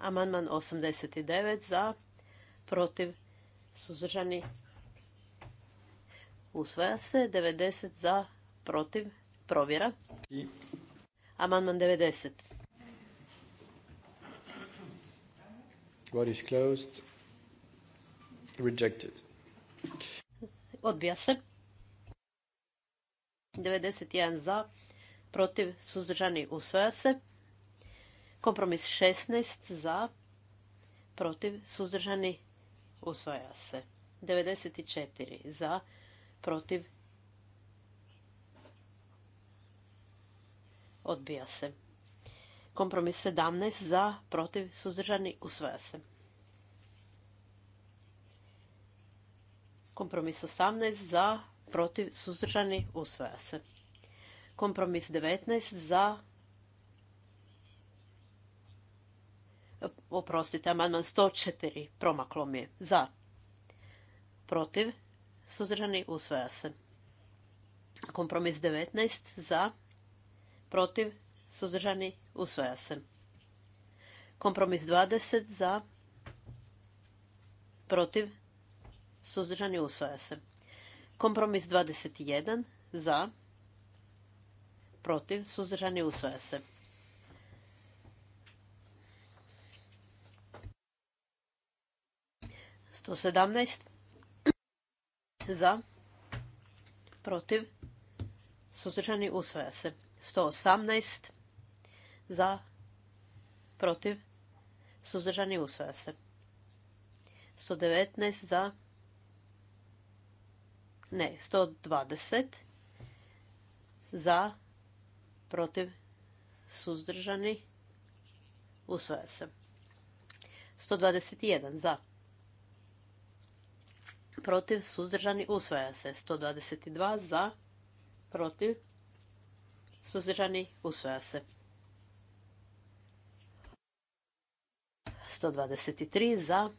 Amandman 89 za, protiv, suzdržani, usvaja se. 90 za, protiv, provjera. I... Amandman 90. What is closed? Rejected. Odbija se. 91 za, protiv, suzdržani, usvaja se. Kompromis 16 za, protiv, suzdržani, usvaja se. 94 za, protiv, Odbija se. Kompromis 17 za, protiv, suzdržani, usvaja se. Kompromis 18 za, protiv, suzdržani, usvaja se. Kompromis 19 za, oprostite, amandman 104, promaklo mi je, za, protiv, suzdržani, usvaja se. Kompromis 19 za, protiv, suzdržani, usvaja se. Kompromis 20 za, protiv, suzdržani, usvaja se. Kompromis 21 za, protiv, suzdržani, usvaja se. Sto sedamnaest za, protiv, suzdržani, usvaja se. 118 za, protiv, suzdržani usvaja se. 119 za, ne, 120 za, protiv, suzdržani usvaja se. 121 za, protiv, suzdržani usvaja se. 122 za, protiv, suzdržani, usvaja se. 123 za,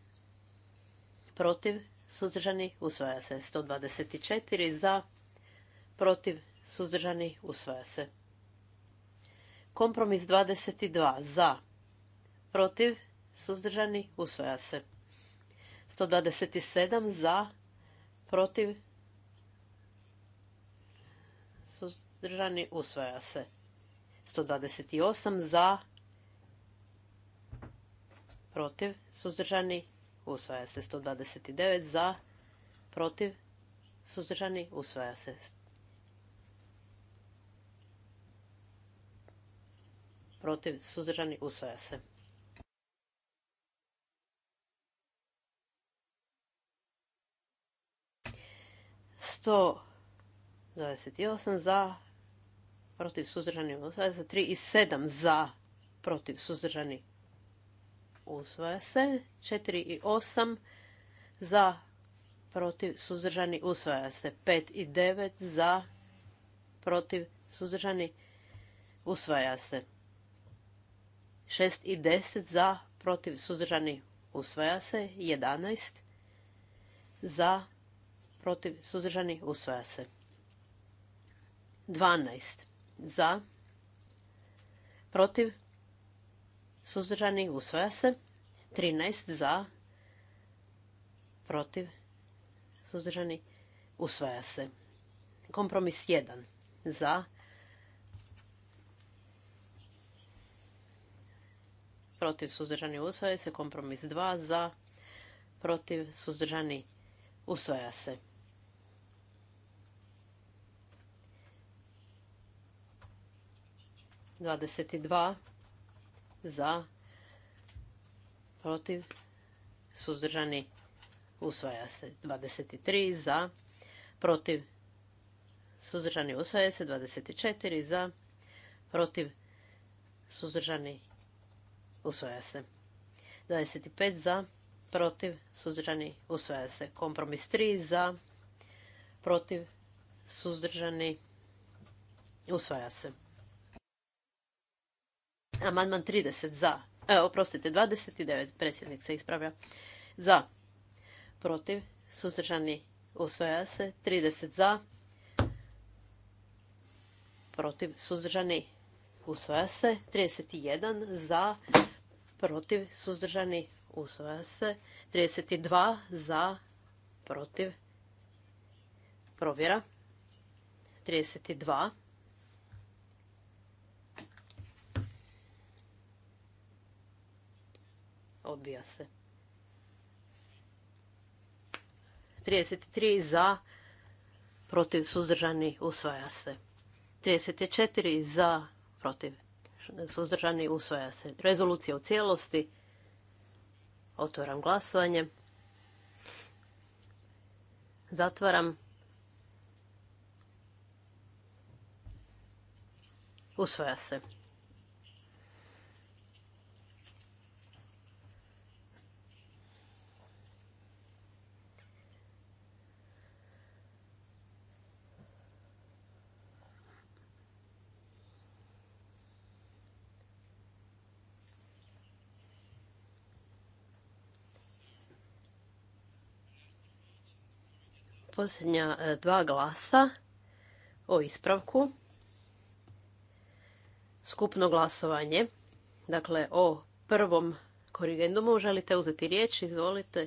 protiv, suzdržani, usvaja se. 124 za, protiv, suzdržani, usvaja se. Kompromis 22 za, protiv, suzdržani, usvaja se. 127 za, protiv, suzdržani, suzdržani, usvaja se. 128 za, protiv, suzdržani, usvaja se. 129 za, protiv, suzdržani, usvaja se. Protiv, suzdržani, usvaja se. Sto dvadeset za protiv suzdržani usvaja se. 3 i 7 za protiv suzdržani usvaja se. 4 i 8 za protiv suzdržani usvaja se. 5 i 9 za protiv suzdržani usvaja se. 6 i 10 za protiv suzdržani usvaja se. 11 za protiv suzdržani usvaja se. 12 za, protiv, suzdržani, usvaja se. 13 za, protiv, suzdržani, usvaja se. Kompromis 1 za, protiv, suzdržani, usvaja se. Kompromis 2 za, protiv, suzdržani, usvaja se. 22 za, protiv, suzdržani, usvaja se. 23 za, protiv, suzdržani, usvaja se. 24 za, protiv, suzdržani, usvaja se. 25 za, protiv, suzdržani, usvaja se. Kompromis 3 za, protiv, suzdržani, usvaja se. Amandman 30 za. E, oprostite, 29. Predsjednik se ispravlja. Za. Protiv. Suzdržani usvoja se. 30 za. Protiv. Suzdržani usvoja se. 31 za. Protiv. Suzdržani usvoja se. 32 za. Protiv. Provjera. 32 Odbija se. 33 za, protiv suzdržani usvaja se. 34 za, protiv suzdržani usvaja se. Rezolucija u cijelosti. Otvaram glasovanje. Zatvaram. Usvaja se. posljednja e, dva glasa o ispravku. Skupno glasovanje, dakle o prvom korigendumu. Želite uzeti riječ? Izvolite.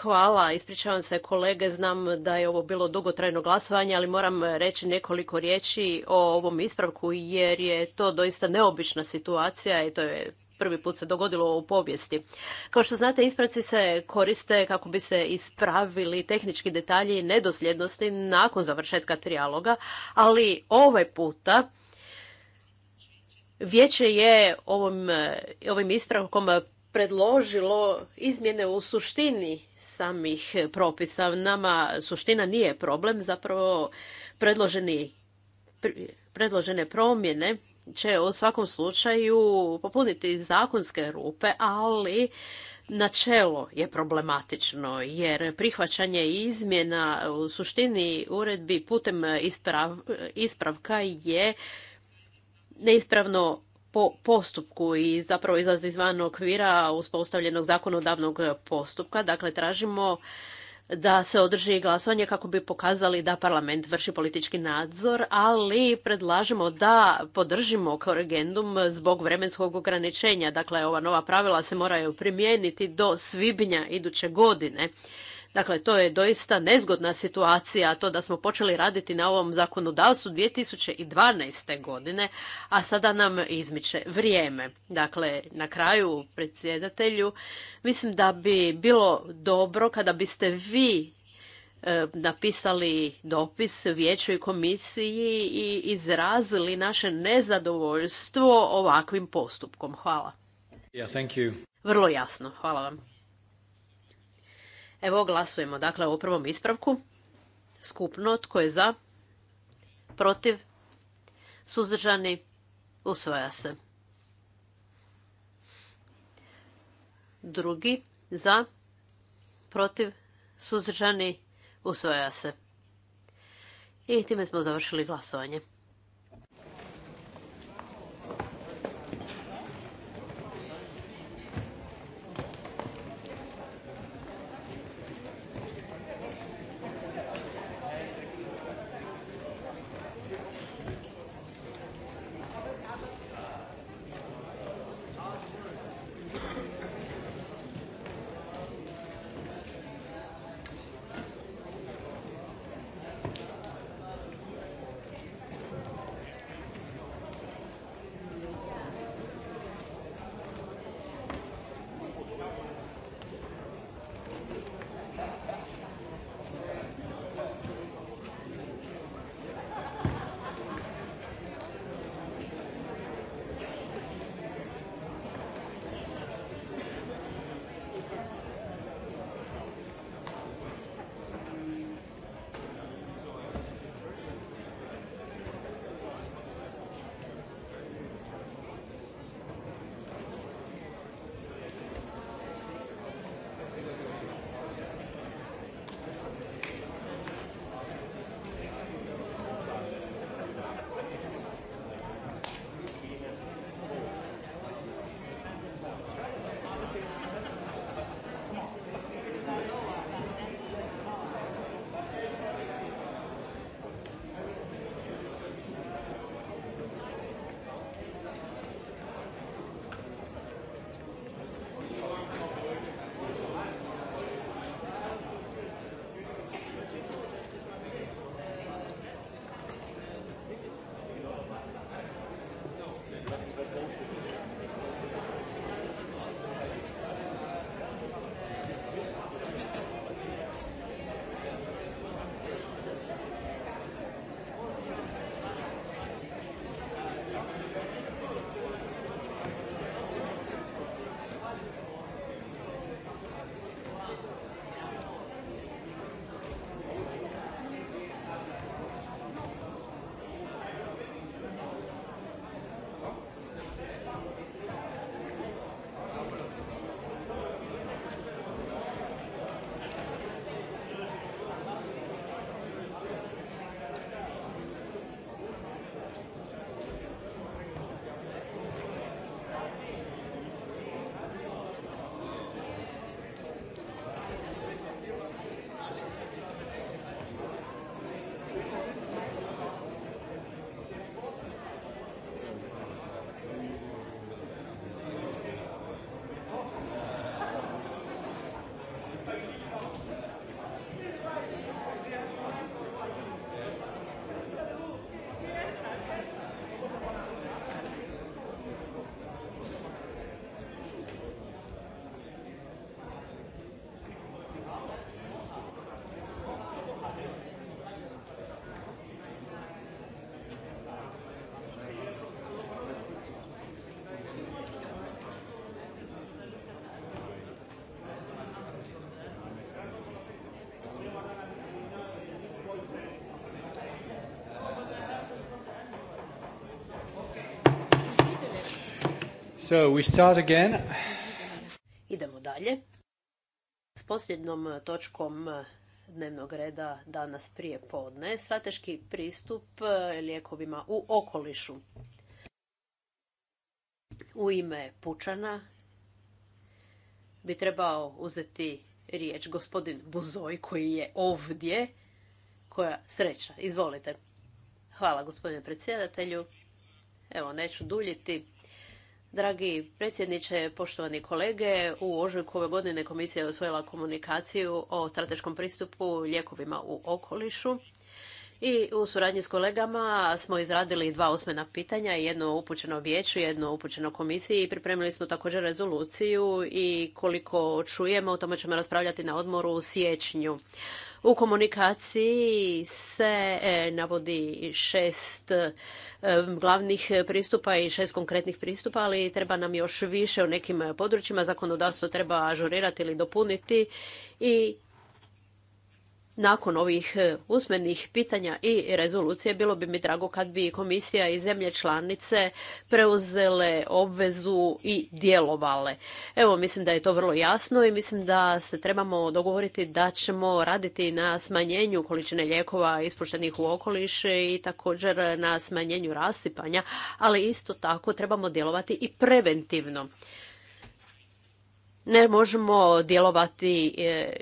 Hvala, ispričavam se kolege, znam da je ovo bilo dugotrajno glasovanje, ali moram reći nekoliko riječi o ovom ispravku jer je to doista neobična situacija i to je prvi put se dogodilo u povijesti. Kao što znate, ispravci se koriste kako bi se ispravili tehnički detalji i nedosljednosti nakon završetka trijaloga, ali ovaj puta vijeće je ovom, ovim ispravkom predložilo izmjene u suštini samih propisa. Nama suština nije problem, zapravo predloženi predložene promjene će u svakom slučaju popuniti zakonske rupe, ali načelo je problematično jer prihvaćanje izmjena u suštini uredbi putem ispravka je neispravno po postupku i zapravo izlazi izvan okvira uspostavljenog zakonodavnog postupka. Dakle, tražimo da se održi glasovanje kako bi pokazali da parlament vrši politički nadzor, ali predlažemo da podržimo koregendum zbog vremenskog ograničenja. Dakle, ova nova pravila se moraju primijeniti do svibnja iduće godine. Dakle, to je doista nezgodna situacija, to da smo počeli raditi na ovom zakonodavstvu 2012. godine, a sada nam izmiče vrijeme. Dakle, na kraju predsjedatelju, mislim da bi bilo dobro kada biste vi e, napisali dopis vijeću i komisiji i izrazili naše nezadovoljstvo ovakvim postupkom. Hvala. Vrlo jasno. Hvala vam. Evo glasujemo dakle u prvom ispravku. Skupno tko je za, protiv, suzdržani, usvaja se. Drugi za, protiv, suzdržani, usvaja se. I time smo završili glasovanje. So we start again. Idemo dalje. S posljednom eh, točkom eh, dnevnog reda danas prije podne, strateški pristup eh, lijekovima u okolišu. U ime Pučana bi trebao uzeti riječ gospodin Buzoj koji je ovdje. Koja sreća. Izvolite. Hvala gospodine predsjedatelju. Evo, neću duljiti. Dragi predsjedniče, poštovani kolege, u ožujku ove godine komisija je osvojila komunikaciju o strateškom pristupu lijekovima u okolišu. I u suradnji s kolegama smo izradili dva osmena pitanja, jedno upućeno vijeću, jedno upućeno komisiji i pripremili smo također rezoluciju i koliko čujemo o tome ćemo raspravljati na odmoru u siječnju. U komunikaciji se e, navodi šest e, glavnih pristupa i šest konkretnih pristupa, ali treba nam još više u nekim područjima. Zakonodavstvo treba ažurirati ili dopuniti i nakon ovih e, usmenih pitanja i rezolucije bilo bi mi drago kad bi komisija i zemlje članice preuzele obvezu i djelovale. Evo mislim da je to vrlo jasno i mislim da se trebamo dogovoriti da ćemo raditi na smanjenju količine lijekova ispuštenih u okoliš i također na smanjenju rasipanja, ali isto tako trebamo djelovati i preventivno ne možemo djelovati e,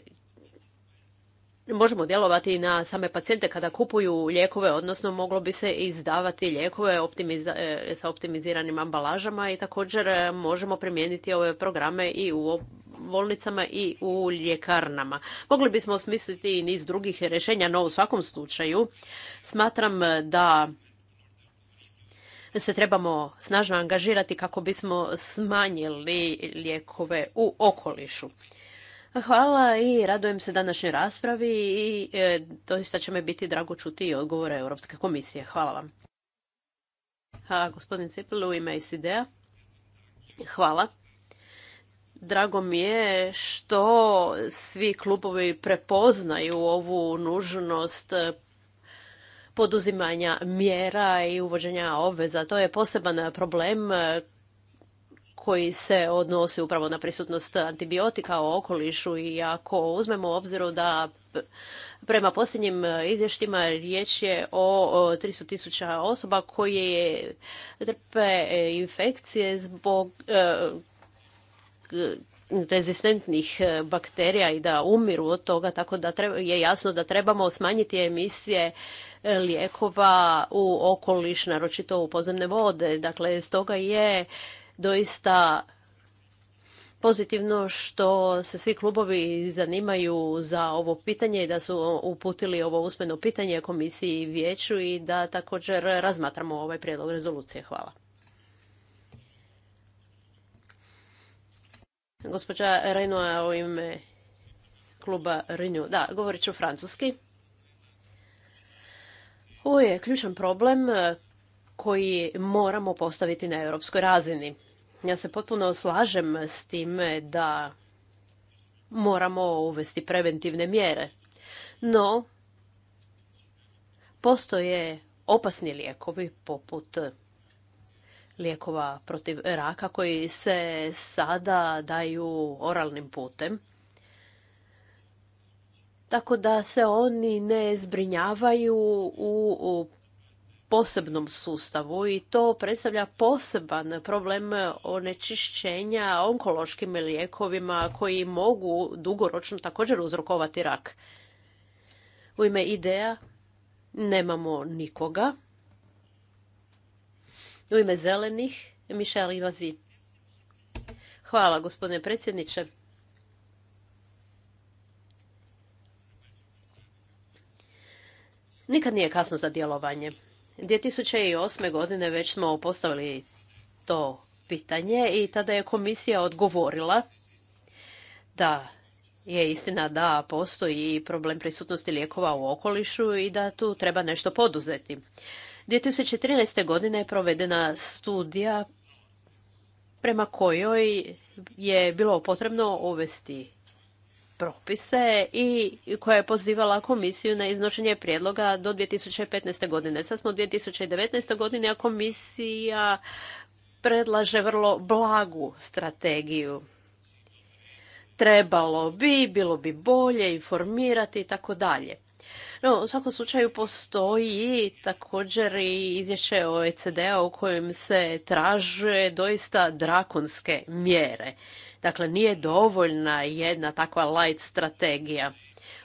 možemo djelovati na same pacijente kada kupuju lijekove, odnosno moglo bi se izdavati lijekove e, sa optimiziranim ambalažama i također e, možemo primijeniti ove programe i u bolnicama i u ljekarnama. Mogli bismo osmisliti i niz drugih rješenja, no u svakom slučaju smatram da se trebamo snažno angažirati kako bismo smanjili lijekove u okolišu. Hvala i radujem se današnjoj raspravi i e, doista će me biti drago čuti i odgovore Europske komisije. Hvala vam. A, gospodin Cipel u ime a Hvala. Drago mi je što svi klubovi prepoznaju ovu nužnost poduzimanja mjera i uvođenja obveza. To je poseban problem koji se odnosi upravo na prisutnost antibiotika u okolišu i ako uzmemo u obziru da prema posljednjim izvještima riječ je o 300 tisuća osoba koje trpe e, infekcije zbog e, rezistentnih e, bakterija i da umiru od toga, tako da je jasno da trebamo smanjiti emisije lijekova u okoliš, naročito u pozemne vode. Dakle, stoga je doista pozitivno što se svi klubovi zanimaju za ovo pitanje i da su uputili ovo usmeno pitanje komisiji i vijeću i da također razmatramo ovaj prijedlog rezolucije. Hvala. Gospođa Renoa u ime kluba Da, govorit ću francuski. Ovo je ključan problem koji moramo postaviti na europskoj razini. Ja se potpuno slažem s time da moramo uvesti preventivne mjere. No, postoje opasni lijekovi poput lijekova protiv raka koji se sada daju oralnim putem. Tako da se oni ne zbrinjavaju u posebnom sustavu i to predstavlja poseban problem onečišćenja onkološkim lijekovima koji mogu dugoročno također uzrokovati rak. U ime ideja nemamo nikoga. U ime zelenih Mišel Ivazi. Hvala gospodine predsjedniče. Nikad nije kasno za djelovanje. 2008. godine već smo postavili to pitanje i tada je komisija odgovorila da je istina da postoji problem prisutnosti lijekova u okolišu i da tu treba nešto poduzeti. 2013. godine je provedena studija prema kojoj je bilo potrebno uvesti propise i koja je pozivala komisiju na iznošenje prijedloga do 2015. godine. Sad smo u 2019. godine, a komisija predlaže vrlo blagu strategiju. Trebalo bi, bilo bi bolje informirati i tako dalje. No, u svakom slučaju postoji također i izvješće OECD-a u kojem se traže doista drakonske mjere. Dakle, nije dovoljna jedna takva light strategija.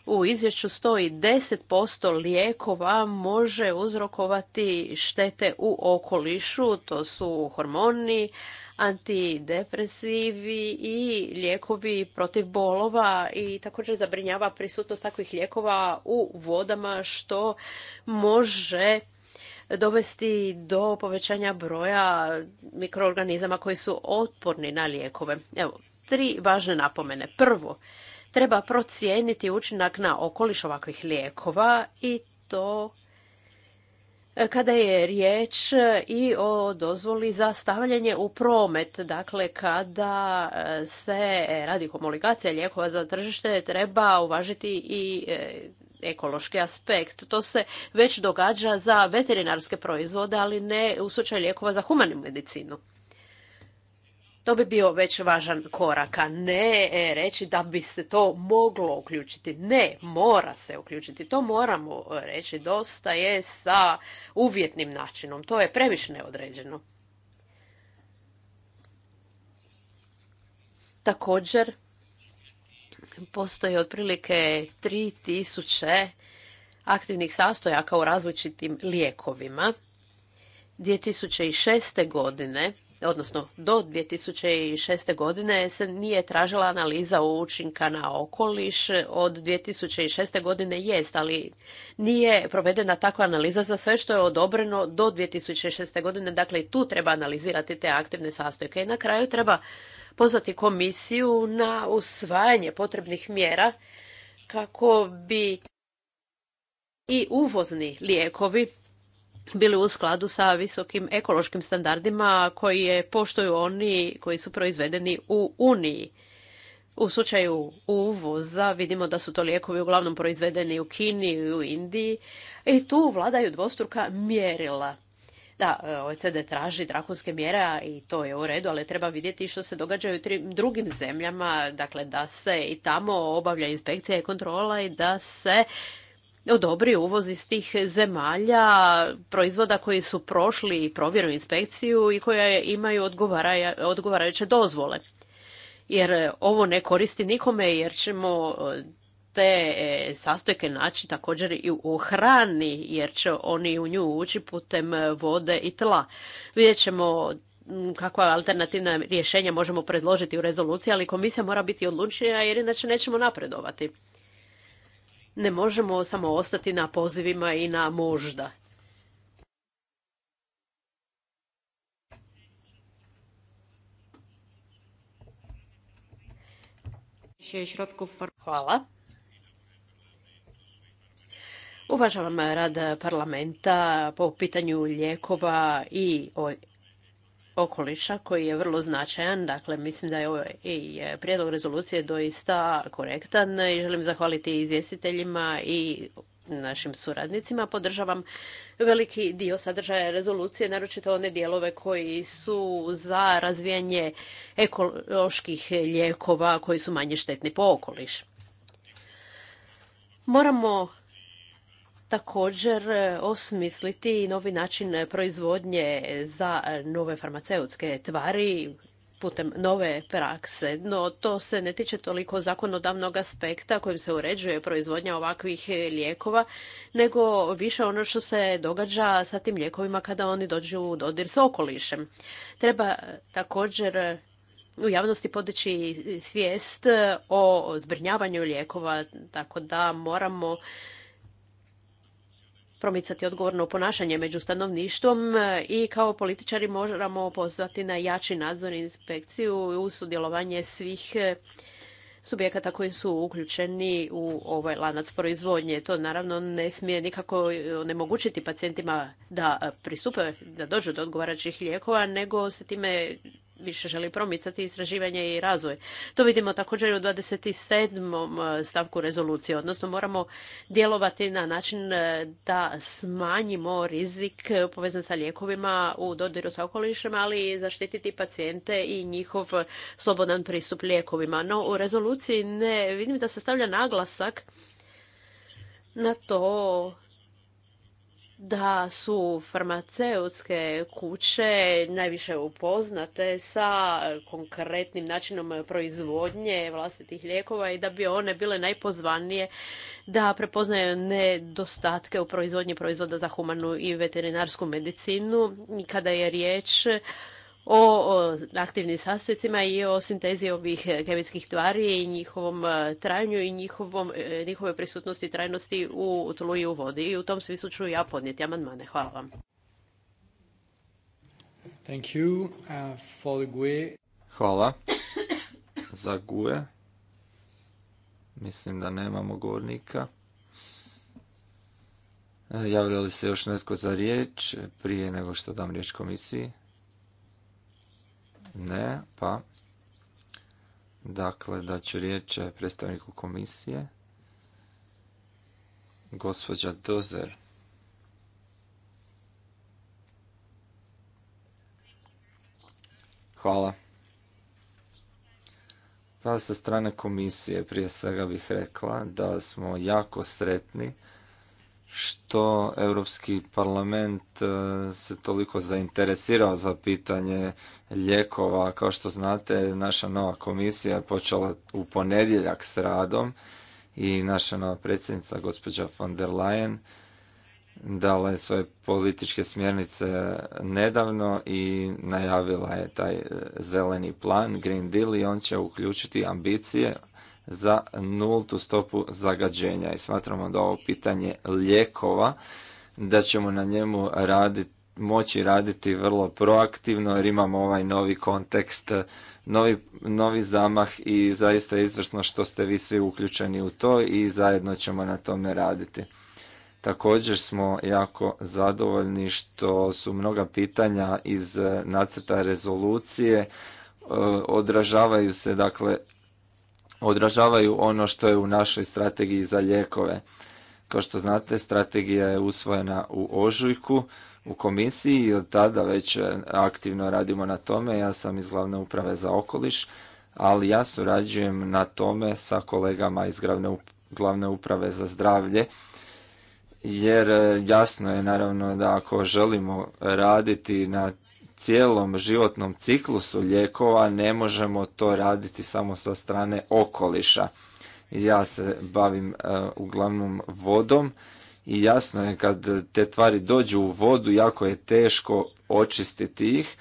U izvješću stoji 10% lijekova može uzrokovati štete u okolišu, to su hormoni, antidepresivi i lijekovi protiv bolova i također zabrinjava prisutnost takvih lijekova u vodama što može dovesti do povećanja broja mikroorganizama koji su otporni na lijekove. Evo, tri važne napomene. Prvo, treba procijeniti učinak na okoliš ovakvih lijekova i to e, kada je riječ i o dozvoli za stavljanje u promet, dakle kada e, se radi komunikacija lijekova za tržište, treba uvažiti i e, ekološki aspekt. To se već događa za veterinarske proizvode, ali ne u slučaju lijekova za humanu medicinu. To bi bio već važan korak, a ne e, reći da bi se to moglo uključiti. Ne, mora se uključiti. To moramo e, reći. Dosta je sa uvjetnim načinom. To je previše neodređeno. Također, postoji otprilike 3000 aktivnih sastojaka u različitim lijekovima. 2006. godine, odnosno do 2006. godine se nije tražila analiza učinka na okoliš. Od 2006. godine jest, ali nije provedena takva analiza za sve što je odobreno do 2006. godine. Dakle, i tu treba analizirati te aktivne sastojke. I na kraju treba pozvati komisiju na usvajanje potrebnih mjera kako bi i uvozni lijekovi bili u skladu sa visokim ekološkim standardima koji je poštuju oni koji su proizvedeni u Uniji. U slučaju uvoza vidimo da su to lijekovi uglavnom proizvedeni u Kini i u Indiji i tu vladaju dvostruka mjerila. Da, e, OECD traži drakonske mjere i to je u redu, ali treba vidjeti što se događa u drugim zemljama, dakle da se i tamo obavlja inspekcija i kontrola i da se odobri uvoz iz tih zemalja proizvoda koji su prošli provjeru inspekciju i koje imaju odgovarajuće dozvole jer e, ovo ne koristi nikome jer ćemo e, te e, sastojke naći također i u hrani, jer će oni u nju ući putem e, vode i tla. Vidjet ćemo kakva alternativna rješenja možemo predložiti u rezoluciji, ali komisija mora biti odlučnija jer inače nećemo napredovati. Ne možemo samo ostati na pozivima i na možda. Hvala. Uvažavam rad parlamenta po pitanju lijekova i okoliša koji je vrlo značajan. Dakle, mislim da je ovaj prijedlog rezolucije doista korektan i želim zahvaliti izvjestiteljima i našim suradnicima. Podržavam veliki dio sadržaja rezolucije, naročito one dijelove koji su za razvijanje ekoloških lijekova koji su manje štetni po okoliš. Moramo također e, osmisliti novi način proizvodnje za nove farmaceutske tvari putem nove prakse. No to se ne tiče toliko zakonodavnog aspekta kojim se uređuje proizvodnja ovakvih lijekova, nego više ono što se događa sa tim lijekovima kada oni dođu u dodir s okolišem. Treba e, također e, u javnosti podići svijest o zbrinjavanju lijekova, tako da moramo promicati odgovorno ponašanje među stanovništvom i kao političari moramo pozvati na jači nadzor i inspekciju i u sudjelovanje svih eh, subjekata koji su uključeni u ovaj lanac proizvodnje. To naravno ne smije nikako onemogućiti pacijentima da pristupe, da dođu do odgovarajućih lijekova, nego se time više želi promicati istraživanje i razvoj. To vidimo također u 27. E, stavku rezolucije, odnosno moramo djelovati na način e, da smanjimo rizik povezan sa lijekovima u dodiru sa okolišem, ali i zaštititi pacijente i njihov slobodan pristup lijekovima. No u rezoluciji ne vidim da se stavlja naglasak na to da su farmaceutske kuće najviše upoznate sa konkretnim načinom proizvodnje vlastitih lijekova i da bi one bile najpozvanije da prepoznaju nedostatke u proizvodnji proizvoda za humanu i veterinarsku medicinu. Kada je riječ o aktivnim sastojcima i o sintezi ovih kemijskih tvari i njihovom e, trajanju i njihovom, e, njihove prisutnosti i trajnosti u tlu i u vodi. I u tom smislu ću ja podnijeti amandmane. Hvala vam. Uh, e. Hvala. Za Gue. Mislim da nemamo govornika. Javlja se još netko za riječ prije nego što dam riječ komisiji? Ne, pa... Dakle, da će riječ predstavniku komisije. Gospođa Dozer. Hvala. Pa sa strane komisije prije svega bih rekla da smo jako sretni što Europski parlament e, se toliko zainteresirao za pitanje lijekova. Kao što znate, naša nova komisija je počela u ponedjeljak s radom i naša nova predsjednica, gospođa von der Leyen, dala je svoje političke smjernice nedavno i najavila je taj e, zeleni plan, Green Deal, i on će uključiti ambicije za nultu stopu zagađenja i smatramo da ovo pitanje lijekova, da ćemo na njemu raditi moći raditi vrlo proaktivno jer imamo ovaj novi kontekst, novi, novi zamah i zaista je izvrsno što ste vi svi uključeni u to i zajedno ćemo na tome raditi. Također smo jako zadovoljni što su mnoga pitanja iz nacrta rezolucije e, odražavaju se dakle odražavaju ono što je u našoj strategiji za lijekove. Kao što znate, strategija je usvojena u ožujku u komisiji i od tada već e, aktivno radimo na tome. Ja sam iz glavne uprave za okoliš, ali ja surađujem na tome sa kolegama iz glavne uprave za zdravlje jer e, jasno je naravno da ako želimo raditi na cijelom životnom ciklusu lijekova ne možemo to raditi samo sa strane okoliša. Ja se bavim e, uglavnom vodom i jasno je kad te tvari dođu u vodu jako je teško očistiti ih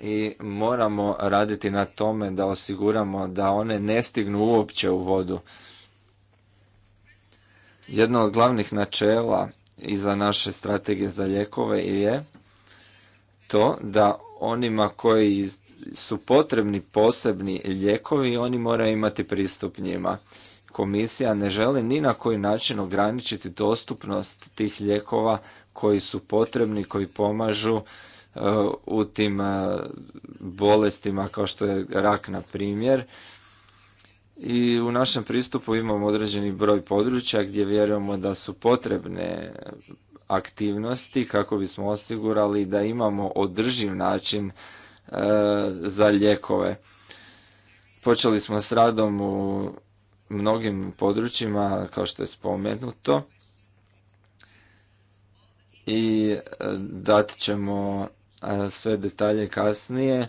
i moramo raditi na tome da osiguramo da one ne stignu uopće u vodu. Jedno od glavnih načela iza naše strategije za lijekove je to da onima koji su potrebni posebni lijekovi, oni moraju imati pristup njima. Komisija ne želi ni na koji način ograničiti dostupnost tih lijekova koji su potrebni, koji pomažu e, u tim e, bolestima kao što je rak na primjer. I u našem pristupu imamo određeni broj područja gdje vjerujemo da su potrebne aktivnosti kako bismo osigurali da imamo održiv način e, za lijekove. Počeli smo s radom u mnogim područjima kao što je spomenuto i e, dat ćemo e, sve detalje kasnije.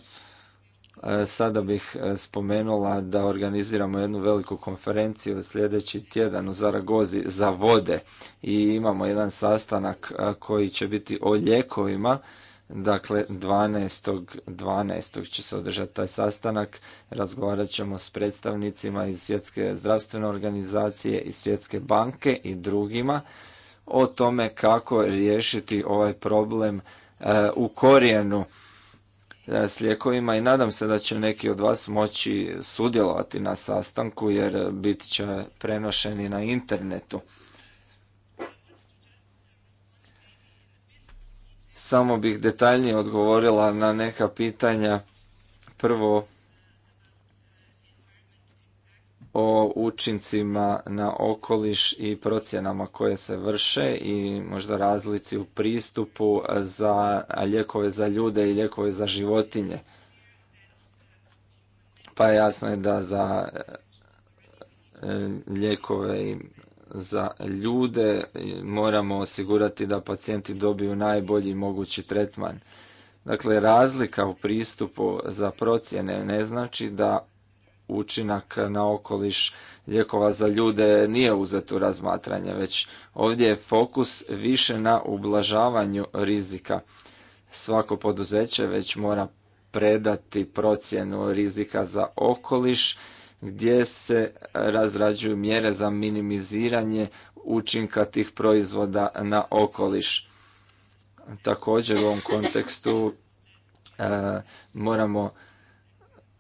E, sada bih e, spomenula da organiziramo jednu veliku konferenciju sljedeći tjedan u Zaragozi za vode i imamo jedan sastanak e, koji će biti o lijekovima. Dakle, 12. 12. će se održati taj sastanak. Razgovarat ćemo s predstavnicima iz Svjetske zdravstvene organizacije i Svjetske banke i drugima o tome kako riješiti ovaj problem u korijenu E, s lijekovima i nadam se da će neki od vas moći sudjelovati na sastanku jer bit će prenošeni na internetu. Samo bih detaljnije odgovorila na neka pitanja. Prvo, o učincima na okoliš i procjenama koje se vrše i možda razlici u pristupu za lijekove za ljude i lijekove za životinje. Pa jasno je da za e, lijekove i za ljude moramo osigurati da pacijenti dobiju najbolji mogući tretman. Dakle, razlika u pristupu za procjene ne znači da učinak na okoliš ljekova za ljude nije uzet u razmatranje, već ovdje je fokus više na ublažavanju rizika. Svako poduzeće već mora predati procjenu rizika za okoliš gdje se razrađuju mjere za minimiziranje učinka tih proizvoda na okoliš. Također u ovom kontekstu e, moramo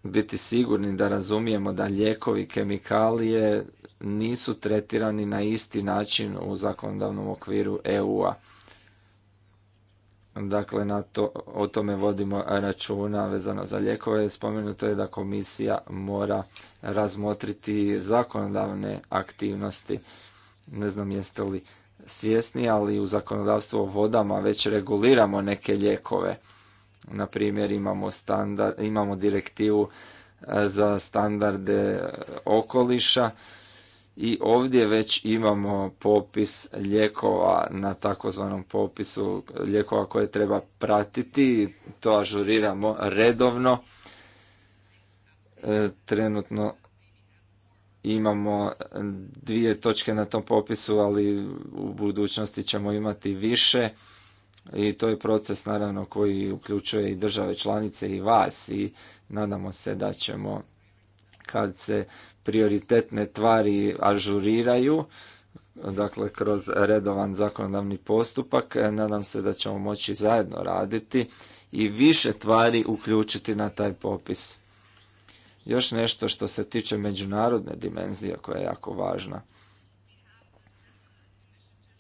biti sigurni da razumijemo da lijekovi i kemikalije nisu tretirani na isti način u zakonodavnom okviru EU-a. Dakle, na to, o tome vodimo računa vezano za lijekove. Spomenuto je da komisija mora razmotriti zakonodavne aktivnosti. Ne znam jeste li svjesni, ali u zakonodavstvu o vodama već reguliramo neke lijekove. Na primjer imamo, standard, imamo direktivu e, za standarde e, okoliša i ovdje već imamo popis lijekova na takozvanom popisu lijekova koje treba pratiti, to ažuriramo redovno. E, trenutno imamo dvije točke na tom popisu, ali u budućnosti ćemo imati više i to je proces naravno koji uključuje i države članice i vas i nadamo se da ćemo kad se prioritetne tvari ažuriraju, dakle kroz redovan zakonodavni postupak, e, nadam se da ćemo moći zajedno raditi i više tvari uključiti na taj popis. Još nešto što se tiče međunarodne dimenzije koja je jako važna.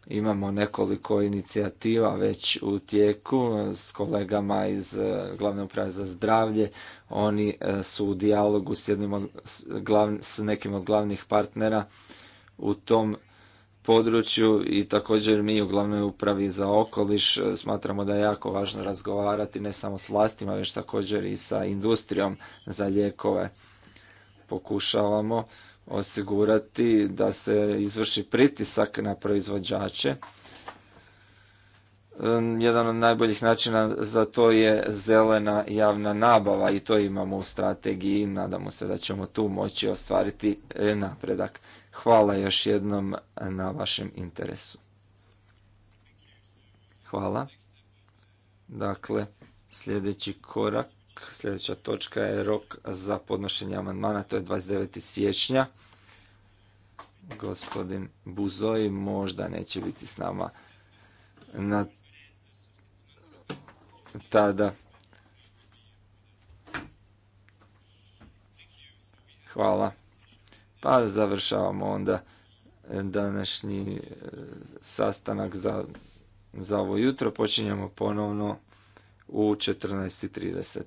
Imamo nekoliko inicijativa već u tijeku s kolegama iz e, Glavne uprave za zdravlje. Oni e, su u dijalogu s, s nekim od glavnih partnera u tom području i također mi u glavnoj upravi za okoliš e, smatramo da je jako važno razgovarati ne samo s vlastima već također i sa industrijom za lijekove. Pokušavamo osigurati da se izvrši pritisak na proizvođače. Jedan od najboljih načina za to je zelena javna nabava i to imamo u strategiji. Nadamo se da ćemo tu moći ostvariti e, napredak. Hvala još jednom na vašem interesu. Hvala. Dakle, sljedeći korak Sljedeća točka je rok za podnošenje amandmana, to je 29. siječnja. Gospodin Buzoji možda neće biti s nama na tada. Hvala. Pa završavamo onda današnji e, sastanak za, za ovo jutro. Počinjemo ponovno u 14.30.